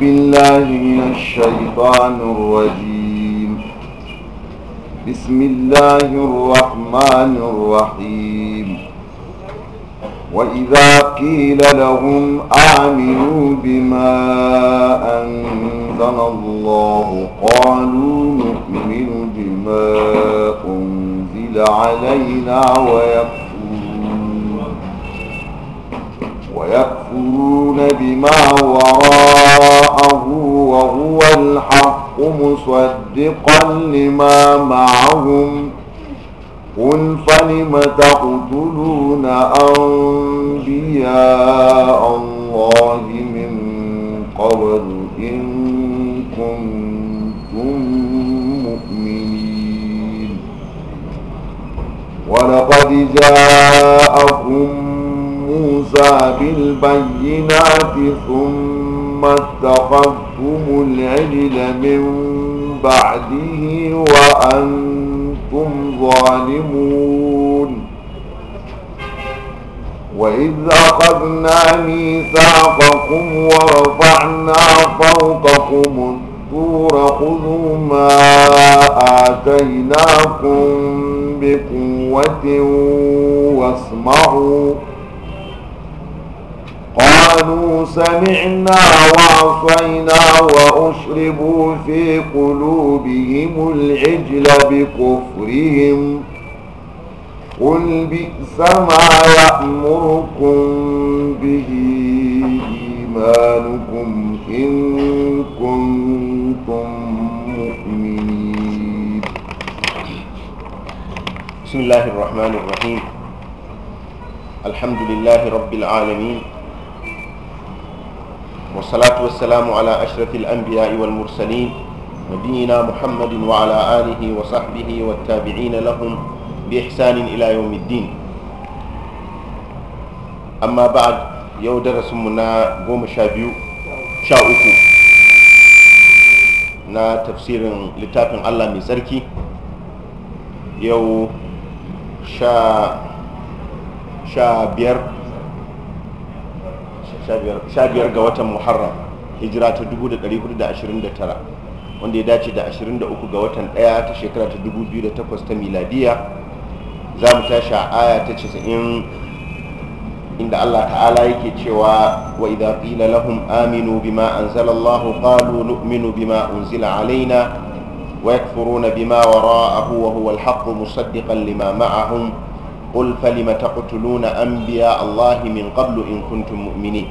بالله من الشيطان الرجيم بسم الله الرحمن الرحيم وإذا قيل لهم آمنوا بما أنزل الله قالوا نؤمن بما أنزل علينا ويكفرون ويكفرون بما وراء مصدقا لما معهم قل فلم تقتلون أنبياء الله من قبل إن كنتم مؤمنين ولقد جاءكم موسى بالبينات ثم اتخذتم العجل من بعده وأنتم ظالمون وإذ أخذنا ميثاقكم ورفعنا فوقكم الطور خذوا ما آتيناكم بقوة واسمعوا قالوا سمعنا وعصينا وأشربوا في قلوبهم العجل بكفرهم قل بئس ما يأمركم به إيمانكم إن كنتم مؤمنين بسم الله الرحمن الرحيم الحمد لله رب العالمين والصلاة والسلام على أشرف الأنبياء والمرسلين نبينا محمد وعلى آله وصحبه والتابعين لهم بإحسان إلى يوم الدين أما بعد يو درس منا قوم شابيو شاوكو نا تفسير لتافن الله مزركي يو شا شا بير 15 ga watan muharram hijira ta 1429 wanda ya dace da 23 ga watan 1 ta shekara ta 2008 ta miladiya za mu tashi a aya ta 90 inda Allah ta'ala yake cewa wa idan qila lahum aminu bima anzala Allah qalu nu'minu bima unzila alaina ويكفرون بما huwa وهو الحق مصدقا لما معهم قل فلم تقتلون أنبياء الله من قبل إن كنتم مؤمنين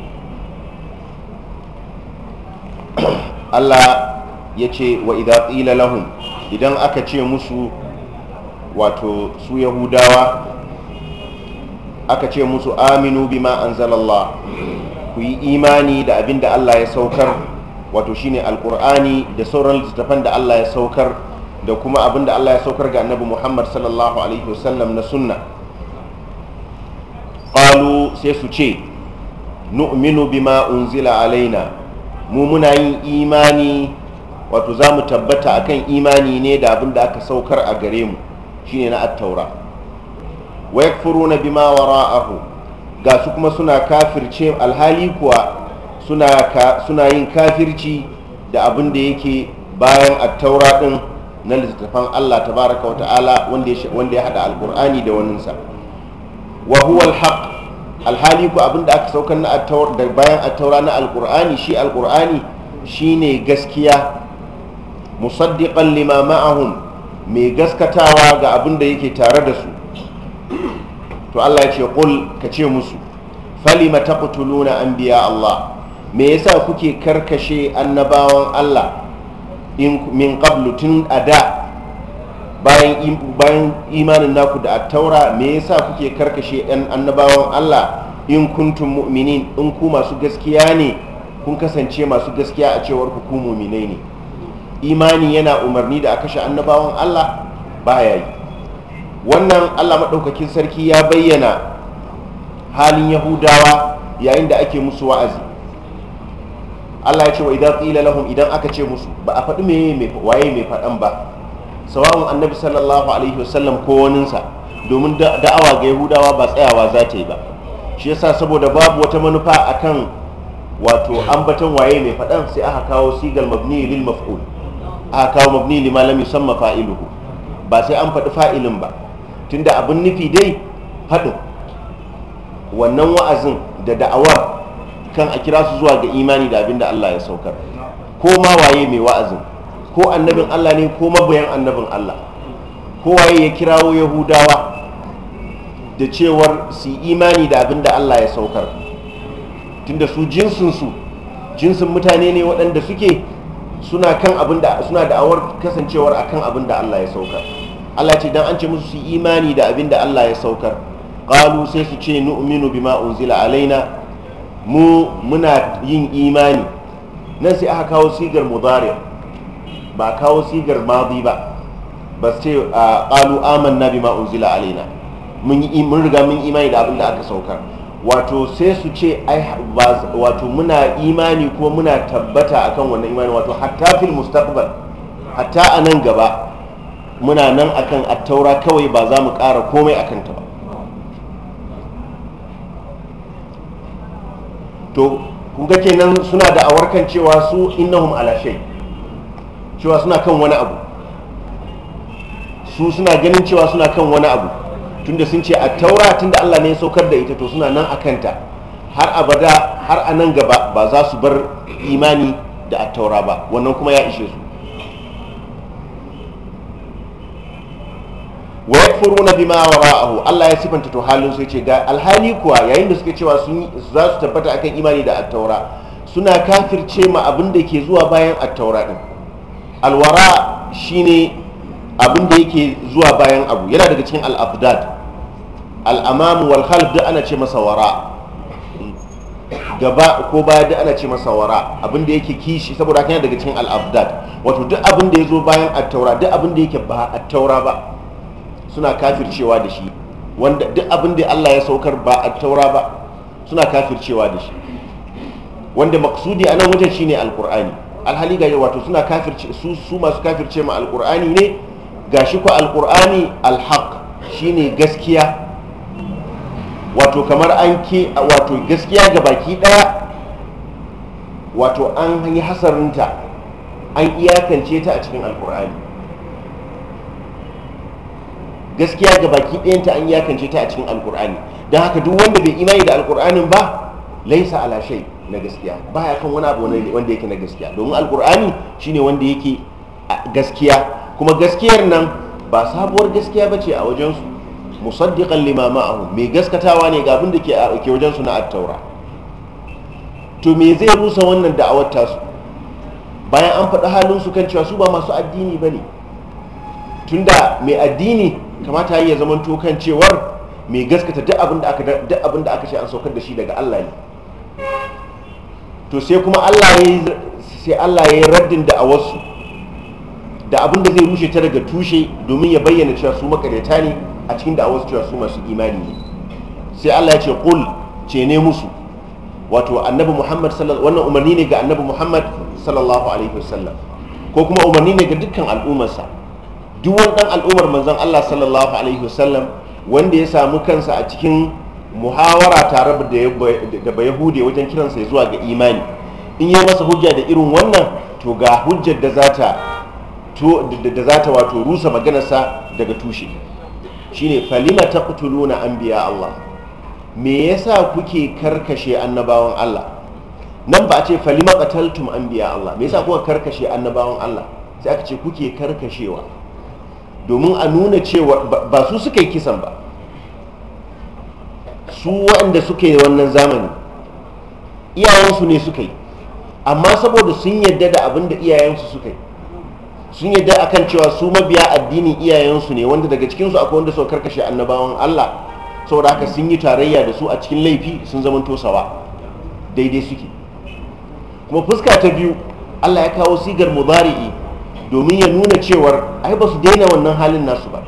Allah ya ce wa idha qila lahum idan aka ce musu wato su yahudawa aka ce musu aminu bima anzalallah ku yi imani da abin da Allah ya saukar wato shine alqur'ani da sauran littattafan da Allah ya saukar da kuma abin da Allah ya saukar ga annabi Muhammad sallallahu alaihi wasallam na sunna qalu sai su ce nu'minu bima unzila alaina mu muna yin imani wato za mu tabbata akan imani ne da abin da aka saukar a gare mu shine na attaura wa yakfuruna bima wara'ahu ga su kuma suna kafirce alhali kuwa suna yin kafirci da abin da yake bayan attaura din na littattafan Allah tabaraka wa ta'ala wanda ya hada alkur'ani da waninsa wa huwa alhaq alhali ku abinda aka saukar na attaur da bayan attaura na alqur'ani shi alqur'ani shine gaskiya musaddiqan lima ma'ahum mai gaskatawa ga abinda yake tare da su to Allah ya ce qul ka ce musu falima taqtuluna anbiya Allah me yasa kuke karkashe annabawan Allah in min qablu tun ada bayan imanin naku da attaura me yasa kuke karkashe yan annabawan Allah in kuntum mu'minin in ku masu gaskiya ne kun kasance masu gaskiya a cewar ku mu'minai ne imani yana umarni da a kashe annabawan Allah baya yi wannan Allah maɗaukakin sarki ya bayyana halin yahudawa yayin da ake musu wa'azi Allah ya ce wa idan qila lahum idan aka ce musu ba a faɗi me waye mai faɗan ba sawa'un annabi sallallahu alaihi wasallam ko waninsa domin da'awa ga yahudawa ba tsayawa za ta yi ba shi yasa saboda babu wata manufa akan wato ambaton waye mai faɗan sai aka kawo sigal mabni lil maf'ul aka kawo mabni ma lam yusamma fa'iluhu ba sai an faɗi fa'ilin ba tunda abin nufi dai faɗin wannan wa'azin da da'awa kan a kira su zuwa ga imani da abin da Allah ya saukar ko ma waye mai wa'azin ko annabin Allah ne ko mabayan annabin Allah kowaye ya kirawo yahudawa da cewar su imani da abin da Allah ya saukar tunda su jinsinsu jinsin mutane ne waɗanda suke suna kan abin da suna da'awar kasancewar akan abin da Allah ya saukar Allah ce dan an ce musu su imani da abin da Allah ya saukar qalu sai su ce nu'minu bima unzila alaina mu muna yin imani nan sai aka kawo sigar mudari' ba kawo sigar madi ba ba su ce aman na bima unzila alaina mun yi mun riga mun imani da abin da aka sauka wato sai su ce ai wato muna imani kuma muna tabbata akan wannan imani wato hatta fil mustaqbal hatta a nan gaba muna nan akan attaura kawai ba za mu kara komai a kanta ba to kuga kenan suna da awarkan cewa su innahum ala shay cewa suna kan wani abu su suna ganin cewa suna kan wani abu tunda sun ce a taura tunda Allah ne ya saukar da ita to suna nan akanta har abada har a nan gaba ba za su bar imani da a taura ba wannan kuma ya ishe su wa na bima ra'ahu Allah ya sifanta to halin su yace ga alhali kuwa yayin da suke cewa sun za su tabbata akan imani da a taura suna kafirce ma abin da ke zuwa bayan a taura din alwara shine abin da yake zuwa bayan abu yana daga cikin al'afdad al'amamu wal khalf duk ana ce masa wara gaba ko baya duk ana ce masa wara abin da yake kishi saboda kan yana daga cikin al'afdad wato duk abin da ya zo bayan attaura duk abin da yake ba attaura ba suna kafircewa da shi wanda duk abin da Allah ya saukar ba attaura ba suna kafircewa da shi wanda maksudi a nan wajen shine alkur'ani alhali ga wato suna kafirce su su masu kafirce ma alqur'ani ne gashi ko alqur'ani alhaq shine gaskiya wato kamar an ke wato gaskiya ga baki daya wato an yi hasarinta an iyakance ta a cikin alqur'ani gaskiya ga baki ɗayanta an iyakance ta a cikin alqur'ani don haka duk wanda bai imani da alqur'anin ba laisa ala shay' na gaskiya baya kan wani abu wanda yake na gaskiya domin alkur'ani shi ne wanda yake gaskiya kuma gaskiyar nan ba sabuwar gaskiya ba ce a wajensu musaddiqan lima ma'ahu mai gaskatawa ne ga abin da ke wajensu na attaura to me zai rusa wannan da'awar su bayan an faɗi halinsu kan cewa su ba masu addini ba ne tunda mai addini kamata ya zamanto kan cewar mai gaskata duk abin da aka ce an saukar da shi daga allah ne to sai kuma Allah ya yi sai Allah ya raddin da a wasu da abin da zai rushe ta daga tushe domin ya bayyana cewa su makareta ne a cikin da a wasu cewa su masu imani ne sai Allah ya ce qul ce ne musu wato annabi Muhammad sallallahu wannan umarni ne ga annabi Muhammad sallallahu alaihi wasallam ko kuma umarni ne ga dukkan al'ummarsa duk wani dan al'ummar manzon Allah sallallahu alaihi wasallam wanda ya samu kansa a cikin muhawara tare da bai hude wajen kiransa zuwa ga imani in yi masa hujja da irin wannan to ga hujjar da za ta wato rusa maganarsa daga tushe ne falima an biya Allah me yasa kuke karkashe annabawan Allah nan ba a ce falima an biya Allah me yasa kuka karkashe annabawan Allah sai aka ce kuke karkashewa domin a nuna cewa ba su suka yi kisan ba su waɗanda suke wannan zamani iyayensu ne suka yi amma saboda sun yadda da abin da iyayensu suka yi sun yadda akan cewa su mabiya addinin iyayensu ne wanda daga cikinsu akwai wanda suka karkashe annabawan Allah saboda haka sun yi tarayya da su a cikin laifi sun zama tosawa daidai suke kuma fuska ta biyu Allah ya kawo sigar mudari'i domin ya nuna cewar ai ba su daina wannan halin nasu ba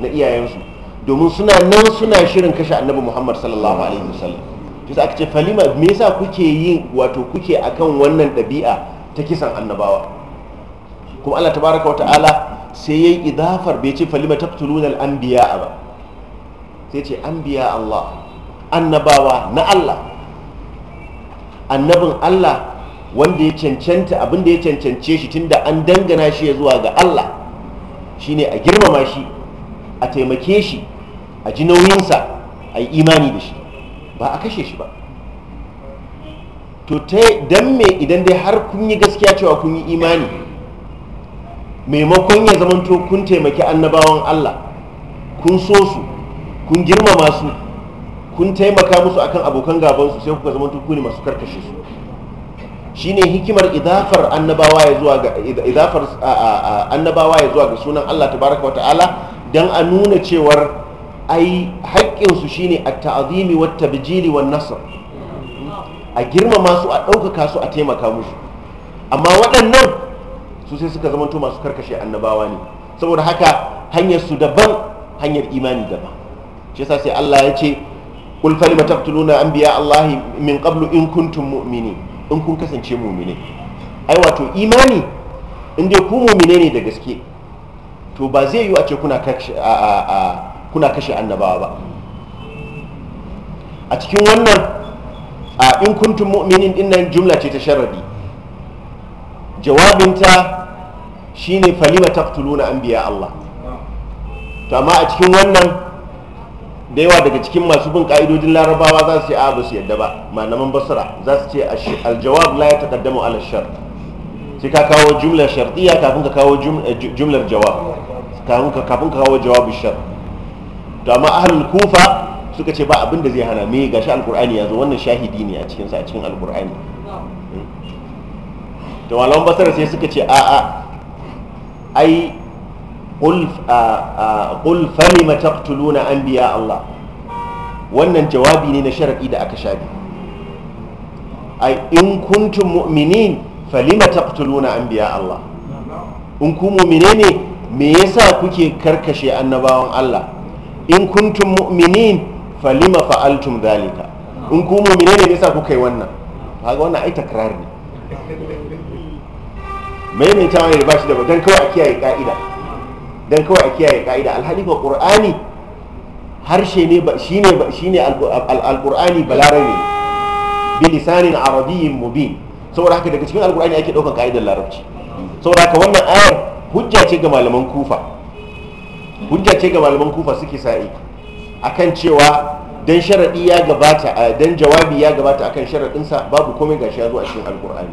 na iyayensu domin suna nan suna shirin kashe annabi muhammad sallallahu alaihi wasallam shi aka ce falima me yasa kuke yin wato kuke akan wannan ɗabi'a ta kisan annabawa kuma allah tabaraka wata'ala sai yayi idafar bai ce falima taqtuluna al-anbiya ba sai ce anbiya allah annabawa na allah annabin allah wanda ya cancanta abin da ya cancance shi tunda an dangana shi ya zuwa ga allah shine a girmama shi a taimake shi a ji nauyinsa a yi imani da shi ba a kashe shi ba to ta dan me idan dai har kun yi gaskiya cewa kun yi imani maimakon ya zamanto kun taimaki annabawan allah kun so su kun girmama su kun taimaka musu akan abokan gabansu sai kuka zamanto ku ne masu karkashe su shine hikimar idafar annabawa ya zuwa ga idafar annabawa zuwa ga sunan Allah tabaraka wa ta'ala dan a nuna cewar ai su shine a ta'azimi wa tabjili wa nasr a girmama su a ɗaukaka su a taimaka musu amma waɗannan su sai suka zamanto masu karkashe annabawa ne saboda haka hanyar su daban hanyar imani daban shi yasa sai Allah ya ce qul lima taqtuluna anbiya Allah min qablu in kuntum mu'minin in kun kasance mu'mini ai wato imani in dai ku mu'mine ne da gaske to ba zai yi a ce kuna a kuna kashe annabawa ba a cikin wannan a in kuntum mu'minin dinnan jumla ce ta sharadi jawabinta shine falima taqtuluna anbiya Allah to amma a cikin wannan da yawa daga cikin masu bin ka'idodin larabawa za su yi a ba su yadda ba malaman basra za su ce aljawab la ya taqaddamu ala shar sai ka kawo jumlar shartiya kafin ka kawo eh, jumlar jawab kafin ka kawo jawabin shar to amma ahlul kufa suka ce ba abin da zai hana me gashi alkur'ani ya zo wannan shahidi ne a cikinsa a cikin alkur'ani da malaman basara sai suka ce a'a ai qul falima taqtuluna anbiya Allah wannan jawabi ne na sharadi da aka shafi ai in kuntum mu'minin falima taqtuluna anbiya Allah in ku mu'mine ne me yasa kuke karkashe annabawan Allah in kuntum mu'minin falima fa'altum Dalika. in ku mu'mine ne yasa kuka yi wannan kaga wannan ai takrar ne mai ne ba shi da dan kawai a kiyaye ka'ida dan kawai a kiyaye ka'ida alhali ba qur'ani harshe ne ba shine shine alqur'ani balare ne bi lisanin arabiyyin mubin saboda haka daga cikin alqur'ani ake daukan ka'idar larabci saboda haka wannan ayar hujja ce ga malaman kufa hujja ce ga malaman kufa suke sa'i akan cewa dan sharadi ya gabata dan jawabi ya gabata akan sharadinsa babu komai gashi ya zo a cikin alkur'ani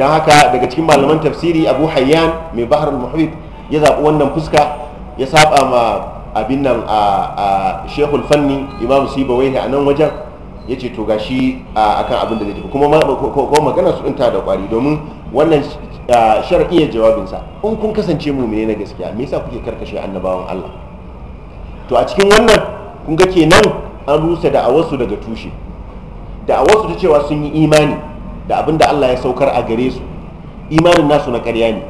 don haka daga cikin malaman tafsiri abu hayyan mai bahar muhib ya zaɓi wannan fuska ya saba ma abin nan a shehul fanni imam sibawai a nan wajen ya ce to gashi akan abin da zai tafi kuma magana su ɗinta da kwari domin wannan shar'iyyar jawabinsa in kun kasance mumine na gaskiya me yasa kuke karkashe annabawan Allah to a cikin wannan kun ga kenan an rusa da a wasu daga tushe da wasu ta cewa sun yi imani da abin da Allah ya saukar a gare su imanin nasu na ƙarya ne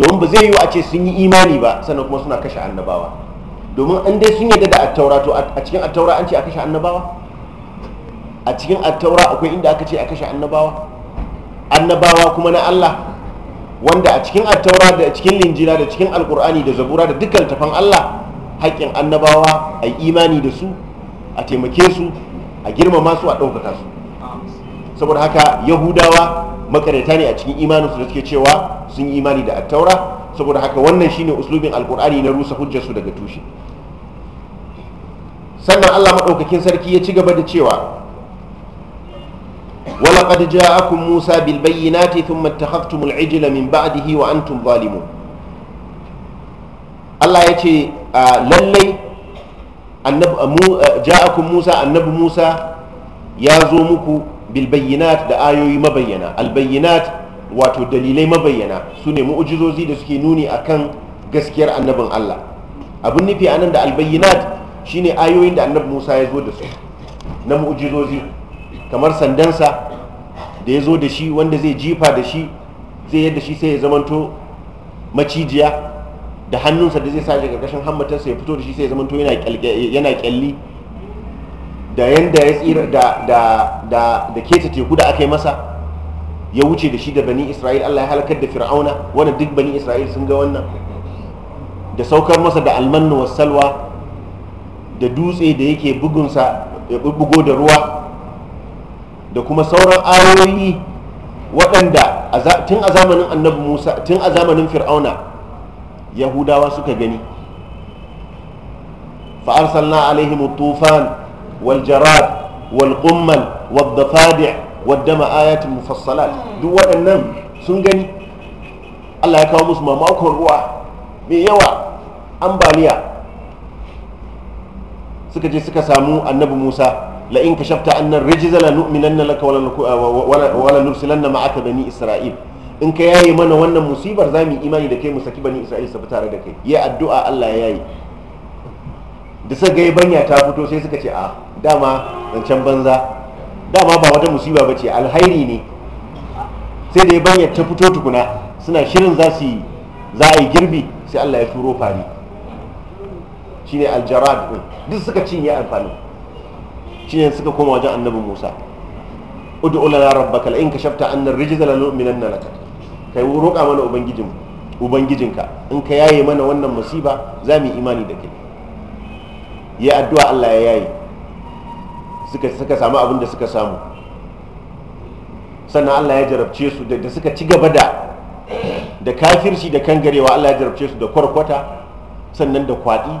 domin ba zai yi a ce sun yi imani ba sannan kuma suna kashe annabawa domin an dai sun yadda da attaura to a cikin attaura an ce a kashe annabawa a cikin attaura akwai inda aka ce a kashe annabawa annabawa kuma na Allah wanda a cikin attaura da cikin linjila da cikin alkur'ani da zabura da dukkan tafan Allah haƙƙin annabawa a imani da su a taimake su a girmama su a ɗaukaka su saboda haka yahudawa makaranta ne a cikin imaninsu da suke cewa sun yi imani da attaura saboda haka wannan shine uslubin alkur'ani na rusa hujjarsu daga tushe sannan allah maɗaukakin sarki ya ci gaba da cewa ولقد جاءكم موسى بالبينات ثم اتخذتم العجل من بعده وأنتم ظالمون الله يتي للي جاءكم موسى النبي موسى يازومكم بالبينات da ayoyi mabayyana albayyinat wato dalilai mabayyana su ne mu'ujizozi da suke nuni akan gaskiyar annabin Allah abin nufi anan da albayyinat shine ayoyin da annabi Musa ya zo da su na mu'ujizozi kamar sandansa da ya zo da shi wanda zai jifa da shi zai yadda shi sai ya zamanto macijiya da hannunsa da zai sa daga ƙarƙashin hammatarsa ya fito da shi sai ya zamanto yana kyalli da yadda ya tsira da keta teku da aka yi masa ya wuce da shi da bani isra'il allah ya halakar da fir'auna wanda duk bani isra'il sun ga wannan da saukar masa da almanu wasalwa da dutse da yake bugunsa ya bugo da ruwa da kuma sauran ayoyi waɗanda tun a zamanin annabi musa tun a zamanin fir'auna yahudawa suka gani fa'arsalna alaihim tufan wal jarad wal qummal wal dafadi' wad dama ayatin mufassalat duk waɗannan sun gani Allah ya kawo musu mamakon ruwa mai yawa ambaliya suka je suka samu annabi Musa la in kashafta anna rijza la nu'minanna laka wala nursilanna ma'aka bani isra'il in ka yaye mana wannan musibar za mu imani da kai mu saki bani isra'il su tare da kai ya addu'a Allah ya yi da suka ga banya ta fito sai suka ce a dama zancen banza dama ba wata musiba bace alhairi ne sai da banya ta fito tukuna suna shirin za su za a yi girbi sai Allah ya turo fari shine aljarad duk suka cinye amfanin shine suka koma wajen annabi Musa ud'u lana rabbaka la in kashafta annar rijza la nu'minanna lak kai roƙa mana ubangijin ubangijinka in ka yaye mana wannan musiba za mu imani da kai ya addu'a Allah ya yaye suka suka samu abin da suka samu sannan Allah ya jarabce su da suka ci gaba da da kafirci da kangarewa Allah ya jarabce su da kwarkwata sannan da kwadi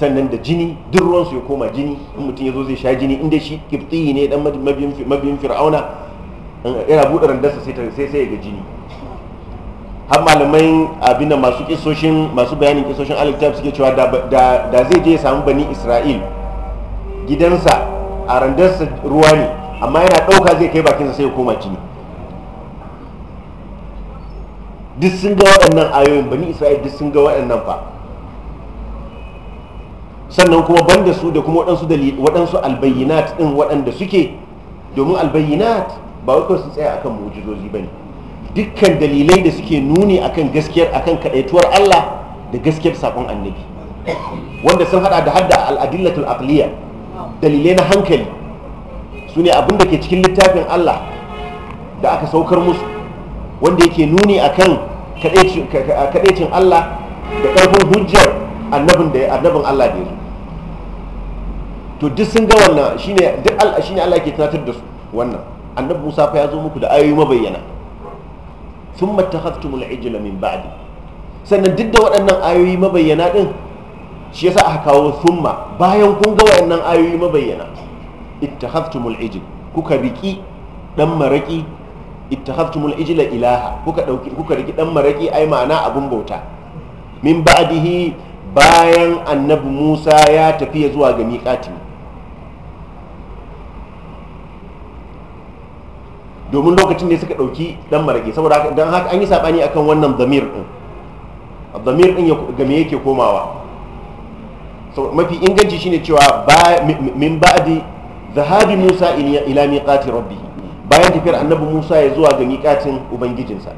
sannan da jini duk ruwansu ya koma jini in mutum ya zo zai sha jini inda shi kiftiyi ne dan mabiyin fir'auna yana buɗe randarsa sai sai ya ga jini har malamai abinda masu kisoshin masu bayanin kisoshin alkitab suke cewa da zai je ya samu bani isra'il gidansa a randarsa ruwa ne amma yana ɗauka zai kai bakinsa sai ya koma jini duk sun ga waɗannan ayoyin bani isra'il duk sun ga waɗannan fa sannan kuma banda su da kuma waɗansu albayyinat ɗin waɗanda suke domin albayyinat ba wai kawai sun tsaya akan mu'jizozi ba ne dukkan dalilai da suke nuni akan gaskiyar akan kaɗaituwar Allah da gaskiyar saƙon annabi wanda sun haɗa da hadda al'adillatul aqliya dalilai na hankali su ne abin da ke cikin littafin Allah da aka saukar musu wanda yake nuni akan kaɗaicin Allah da ƙarfin hujjar annabin da annabin Allah da ya to duk sun ga wannan shine duk Allah shine Allah ke tunatar da su wannan annabi Musa fa ya zo muku da ayoyi mabayyana thumma takhaftumul ijla min ba'di sannan duk da waɗannan ayoyi mabayyana din shi yasa aka kawo thumma bayan kun ga waɗannan ayoyi mabayyana ittakhaftumul ijl kuka riki dan maraki ittakhaftumul ijla ilaha kuka dauki kuka riki dan maraki ai ma'ana abun bauta min ba'dihi bayan annabi musa ya tafi zuwa ga miƙatin domin lokacin da suka ɗauki ɗan marake saboda don haka an yi saɓani kan wannan zamir ɗin zamir ɗin ga me yake komawa mafi inganci shine cewa min bi zahabi musa ila miƙatin rabbi bayan tafiyar annabi musa ya zuwa ga miƙatin ubangijinsa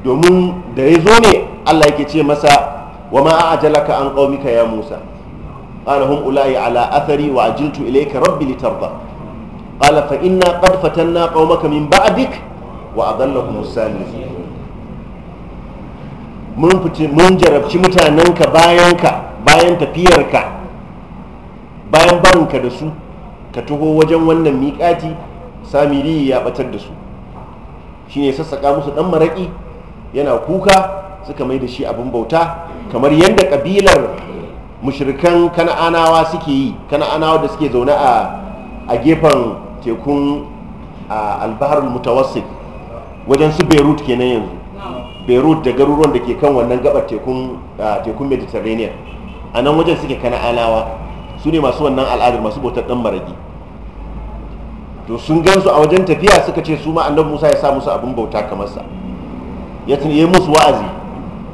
domin da ya zo ne Allah yake ce masa wa ma a'jalaka an qaumika ya Musa qala hum ulai ala athari wa ajiltu ilayka rabbi litarda qala fa inna qad fatanna qaumaka min ba'dik wa adallakum as-sami mun mun jarabci mutanenka ka bayan tafiyarka bayan barinka da su ka taho wajen wannan miƙati samiri ya batar da su shine sassaka musu dan maraki yana kuka suka mai da shi abin bauta kamar yadda kabilar mushirikan kana'anawa suke yi kana'anawa da suke zaune a gefen tekun albahar mutawassit wajen su beirut kenan yanzu beirut da garuruwan da ke kan wannan gabar tekun mediterranean a nan wajen suke kana'anawa su ne masu wannan al'adar masu bautar dan maragi to sun gansu a wajen tafiya suka ce su ma annabi musa ya sa musu abin bauta kamar sa ya musu wa'azi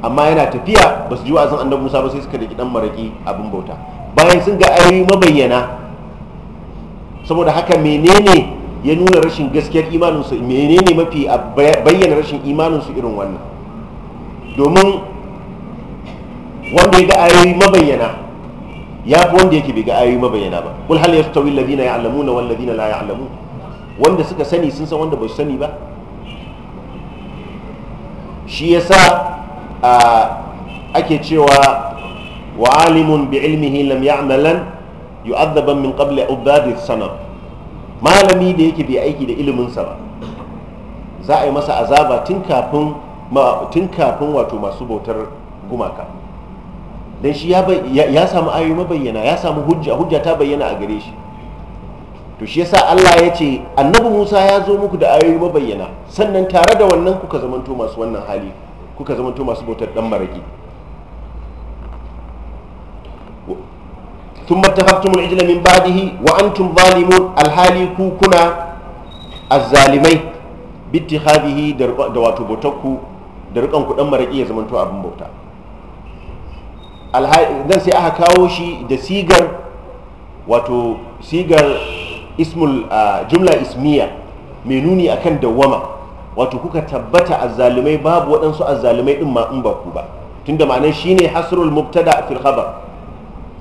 amma yana tafiya ba su ji wa'azin annabi musa ba sai suka riki dan maraki abin bauta bayan sun ga ayoyi mabayyana saboda haka menene ya nuna rashin gaskiyar imaninsu menene mafi bayyana rashin imaninsu irin wannan domin wanda ya ga ayoyi mabayyana ya fi wanda yake bai ga ayoyi mabayyana ba kul hal yastawi alladhina ya'lamuna wal ladina la ya'lamun wanda suka sani sun san wanda ba su sani ba shi yasa ake cewa wa alimun bi ilmihi lam ya'malan yu'addaban min qabli ubadi sana malami da yake bai aiki da iliminsa ba za a yi masa azaba tun kafin tun kafin wato masu bautar gumaka dan shi ya samu ayoyi mabayyana ya samu hujja hujja ta bayyana a gare shi to shi yasa Allah ya ce annabi Musa ya zo muku da ayoyi mabayyana sannan tare da wannan kuka zamanto masu wannan hali kuka zama to masu bautar dan maraki sun matafaftun ijila min badihi wa an tun alhali kukuna kuna azzalimai bitti habihi da wato bautakku da rikon kudin maraki ya zama abin bauta dan sai aka kawo shi da sigar wato sigar ismul jumla ismiya mai nuni akan dawama wato kuka tabbata azzalumai babu waɗansu azzalumai ɗin ma in ba ku ba tunda ma'anar shine hasrul mubtada fil khabar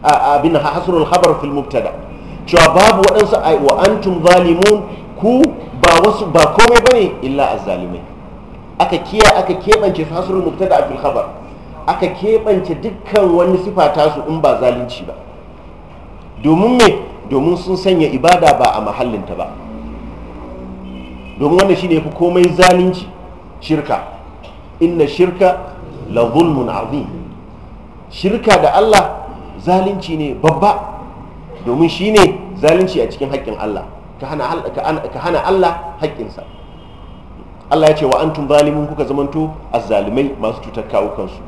abin hasrul khabar fil mubtada cewa babu waɗansu wa antum zalimun ku ba wasu ba komai ba ne illa azzalumai aka kiya aka kebance hasrul mubtada fil khabar aka keɓance dukkan wani sifa tasu in ba zalunci ba domin me domin sun sanya ibada ba a mahallinta ba domin wannan shine fi komai zalunci shirka inna shirka la zulmun azim shirka da Allah zalunci ne babba domin shine zalunci a cikin haƙƙin Allah ka hana Allah haƙƙinsa Allah ya ce wa antum zalimin kuka zamanto azzalimai masu cutar kawukansu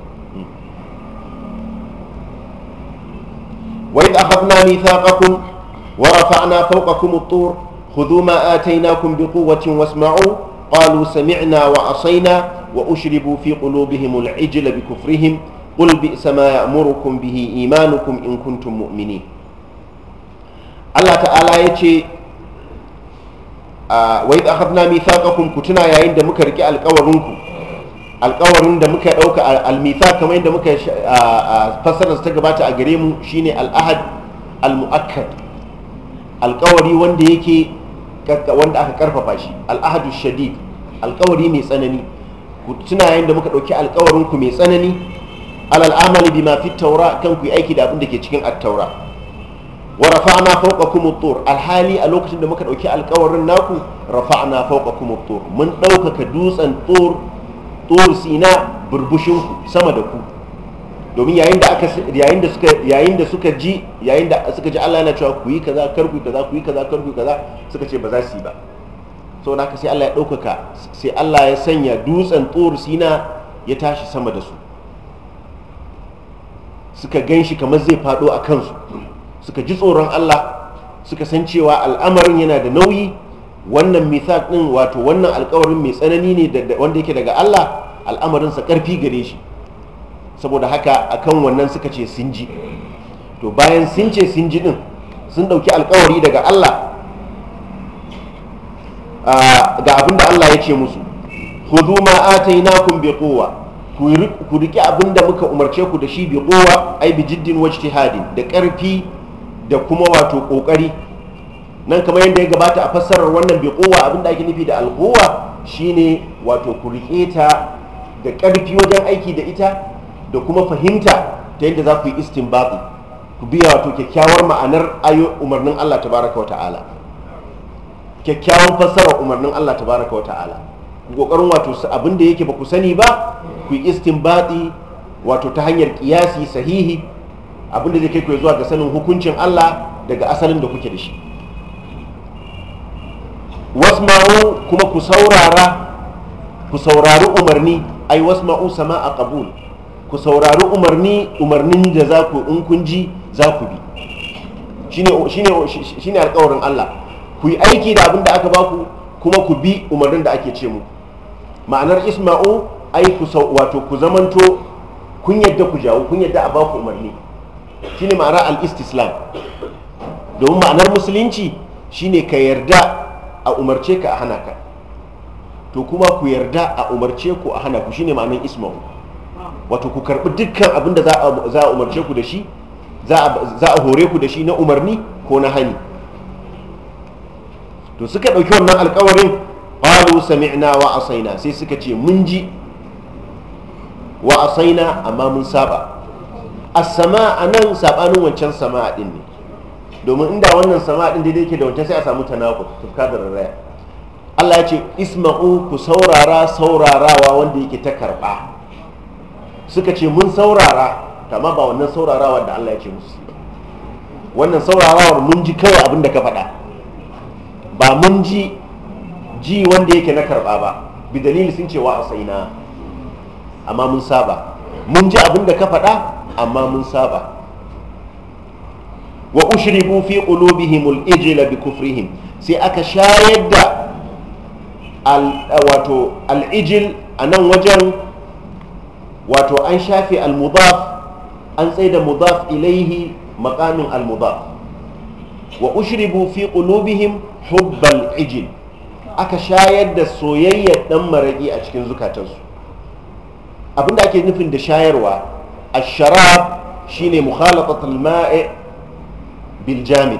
wa idh akhadna mithaqakum wa rafa'na fawqakum at-tur خذوا ما آتيناكم بقوة واسمعوا قالوا سمعنا وعصينا وأشربوا في قلوبهم العجل بكفرهم قل بئس ما يأمركم به إيمانكم إن كنتم مؤمنين الله تعالى يتي وإذ أخذنا ميثاقكم كتنا يا عند مكرك القورنكم alkawarin da muka dauka almitha kamar yadda muka fassarar ta gabata a gare mu shine al'ahad al-mu'akkad alkawari wanda yake wanda aka karfafa shi al'ahadu shadid alkawari mai tsanani ku tuna yayin da muka ɗauki alkawarin ku mai tsanani alal amali bima fi taura kan ku yi aiki da abin da ke cikin at-taura wa rafa'na fawqakum at-tur alhali a lokacin da muka ɗauki alkawarin naku rafa'na fawqakum at-tur mun ɗaukaka dutsen tur tur sina burbushinku sama da ku domin yayin da aka yayin da suka yayin da suka ji yayin da suka ji Allah yana cewa ku yi kaza kar ku yi kaza ku yi kaza kar ku yi kaza suka ce ba za su yi ba na ka sai Allah ya ɗaukaka sai Allah ya sanya dutsen tsoro sina ya tashi sama da su suka ganshi shi kamar zai faɗo a kansu suka ji tsoron Allah suka san cewa al'amarin yana da nauyi wannan misak din wato wannan alƙawarin mai tsanani ne wanda yake daga Allah al'amarinsa ƙarfi gare shi saboda haka a kan wannan suka ce sun ji to bayan sun ce sun ji din sun ɗauki alkawari daga Allah ga abin Allah ya ce musu khudhu ma atainakum bi ku riki abin muka umarce ku da shi bi ai bi jiddin wajtihadin da karfi da kuma wato kokari nan kamar yadda ya gabata a fassarar wannan bi kowa abinda ake nufi da alkowa shine wato ku riƙe ta da ƙarfi wajen aiki da ita da kuma fahimta ta yadda za ku yi istinbati ku biya wato kyakkyawar ma'anar ayo umarnin Allah Ta baraka wa ta'ala kyakkyawan fassarar umarnin Allah Ta baraka wa ta'ala ku ƙoƙarin wato abin da yake ba ku sani ba ku yi istinbati wato ta hanyar kiyasi sahihi abin da zai kai ku zuwa ga sanin hukuncin Allah daga asalin da kuke da shi wasma'u kuma ku saurara ku saurari umarni ai wasma'u sama'a qabul ku saurari umarni umarnin da za ku in kun ji za ku bi Shi ne alkawarin Allah ku yi aiki da abin da aka baku kuma ku bi umarnin da ake ce muku ma'anar isma'u ai ku wato ku zamanto kun yadda ku jawo kun yadda a baku umarni ne ma'anar al-istislam domin ma'anar musulunci shi ne ka yarda a umarce ka a hana ka to kuma ku yarda a umarce ku a hana ku shi ne ma'anar isma'u wato ku karbi dukkan abinda za a umarce ku da shi za a hore ku da shi na umarni ko na hani to suka ɗauki wannan alkawarin ƙwalo sami'na wa asaina sai suka ce mun ji wa asaina amma mun saba a sama a nan saɓanin wancan sama din ne domin inda wannan sama ɗin daidai ke da wancan sai a samu tanaku tufka da rarraya Allah ya ce isma'u ku saurara saurarawa wanda yake ta karɓa suka ce mun saurara amma ba wannan saurarawa da Allah ya ce musu wannan saurarawar mun ji kawai abin da ka faɗa ba mun ji ji wanda yake na karɓa ba bi dalili sun ce wa asaina amma mun saba mun ji abin da ka faɗa amma mun saba wa ushribu fi qulubihimul ijla bi kufrihim sai aka shayar da al wato al ijil a nan wajen wato an shafe al-mudaf an da mudaf ilaihi maqamin al-mudaf wa ushribu fi qulubihim hubbal ijil aka shayar da soyayyar dan maraki a cikin zukatansu abinda ake nufin da shayarwa ash-sharab shine mukhalatat al-ma'i bil jamid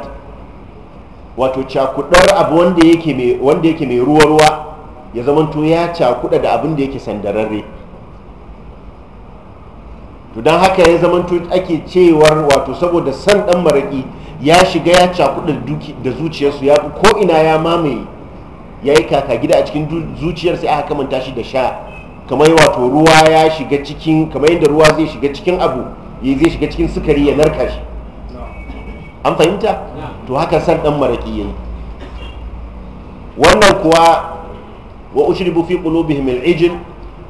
wato cakudar abu wanda yake mai wanda yake mai ruwa ruwa ya zamanto ya cakuda da abin da yake sandararre to don haka ya zamanto ake cewar wato saboda san dan maraƙi ya shiga ya cakuɗa da zuciyarsu ya ko ina ya mamaye ya yi kaka gida a cikin zuciyar sai aka kamanta shi da sha kamar wato ruwa ya shiga cikin kamar yadda ruwa zai shiga cikin abu ya zai shiga cikin sukari ya narka shi an fahimta to haka san dan maraƙi ya yi wannan kuwa wa ushribu fi qulubihim al-ijl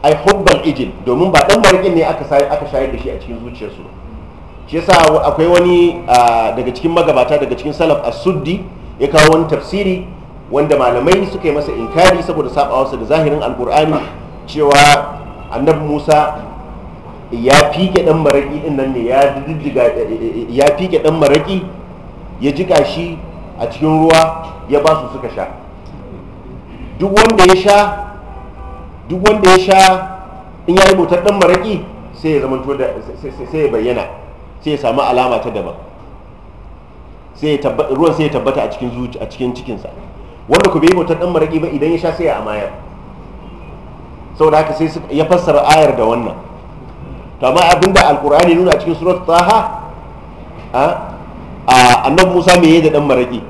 ai hubbal ijil domin ba dan marikin ne aka aka shayar da shi a cikin zuciyarsu shi yasa akwai wani daga cikin magabata daga cikin salaf as-suddi ya kawo wani tafsiri wanda malamai suka yi masa inkari saboda su da zahirin alkur'ani cewa annabi musa ya fike dan maraki din nan ne ya diddiga ya fike dan maraki ya jika shi a cikin ruwa ya ba su suka sha duk wanda ya sha duk wanda ya sha in ya yi motar dan maraki sai ya zama da sai ya bayyana sai ya samu alama ta daban sai ruwan sai ya tabbata a cikin zuci a cikin cikinsa wanda ku bai yi motar dan maraki ba idan ya sha sai ya amayar saboda haka sai ya fassara ayar da wannan to amma abinda alkur'ani nuna a cikin surat taha a annabi musa mai yayi da dan maraki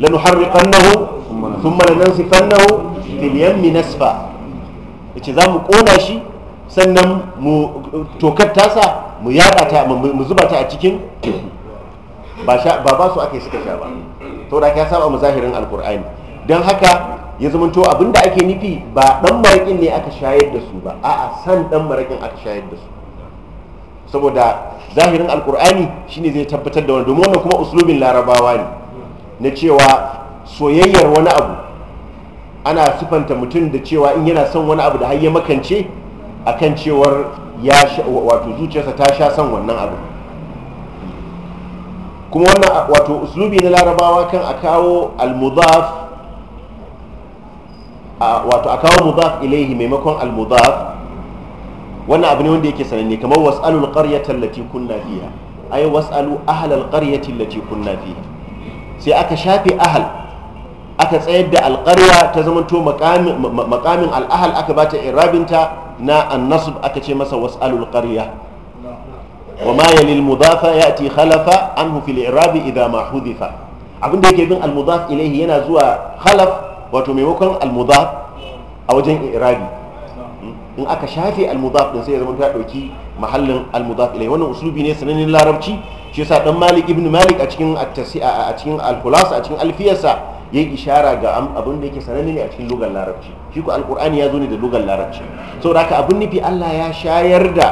lanuharriqannahu na hu filiyan minasfa nasfa yace za mu kona shi sannan mu tokar tasa mu yada ta mu zuba ta a cikin ba ba su ake suka sha ba to da ka saba mu zahirin alkur'ani don haka ya zamanto abinda ake nufi ba dan marakin ne aka shayar da su ba a'a san dan marakin aka shayar da su saboda zahirin alkur'ani shine zai tabbatar da wani domin wannan kuma uslubin larabawa ne na cewa soyayyar wani abu ana sifanta mutum da cewa in yana son wani abu da har ya makance kan cewar ya wato zuciyarsa ta sha son wannan abu kuma wannan wato uslubi na larabawa kan a kawo almudaf wato a kawo mudaf ilaihi maimakon almudaf wannan abu ne wanda yake sananne kamar was'alul qaryata allati kunna fiha ay was'alu ahal qaryati allati kunna fiha sai aka shafe ahal aka tsayar da alƙarya ta zamanto makamin al'ahal aka ba ta irabinta na annasub aka ce masa wasu ƙarya wa ma yalil mudafa yati khalafa anhu fil irabi idan ma hudifa abin da yake bin al mudaf yana zuwa khalaf wato maimakon al a wajen irabi in aka shafe al mudaf din sai ya zama ya dauki mahallin al mudaf wannan usulubi ne sananin larabci shi yasa dan malik ibn malik a cikin at-tasi'a a cikin al-khulasa a cikin alfiyarsa Yin ishara ga abin da yake sananne ne a cikin lugar larabci shi ku alqur'ani ya zo ne da lugar larabci saboda haka abin nufi Allah ya shayar da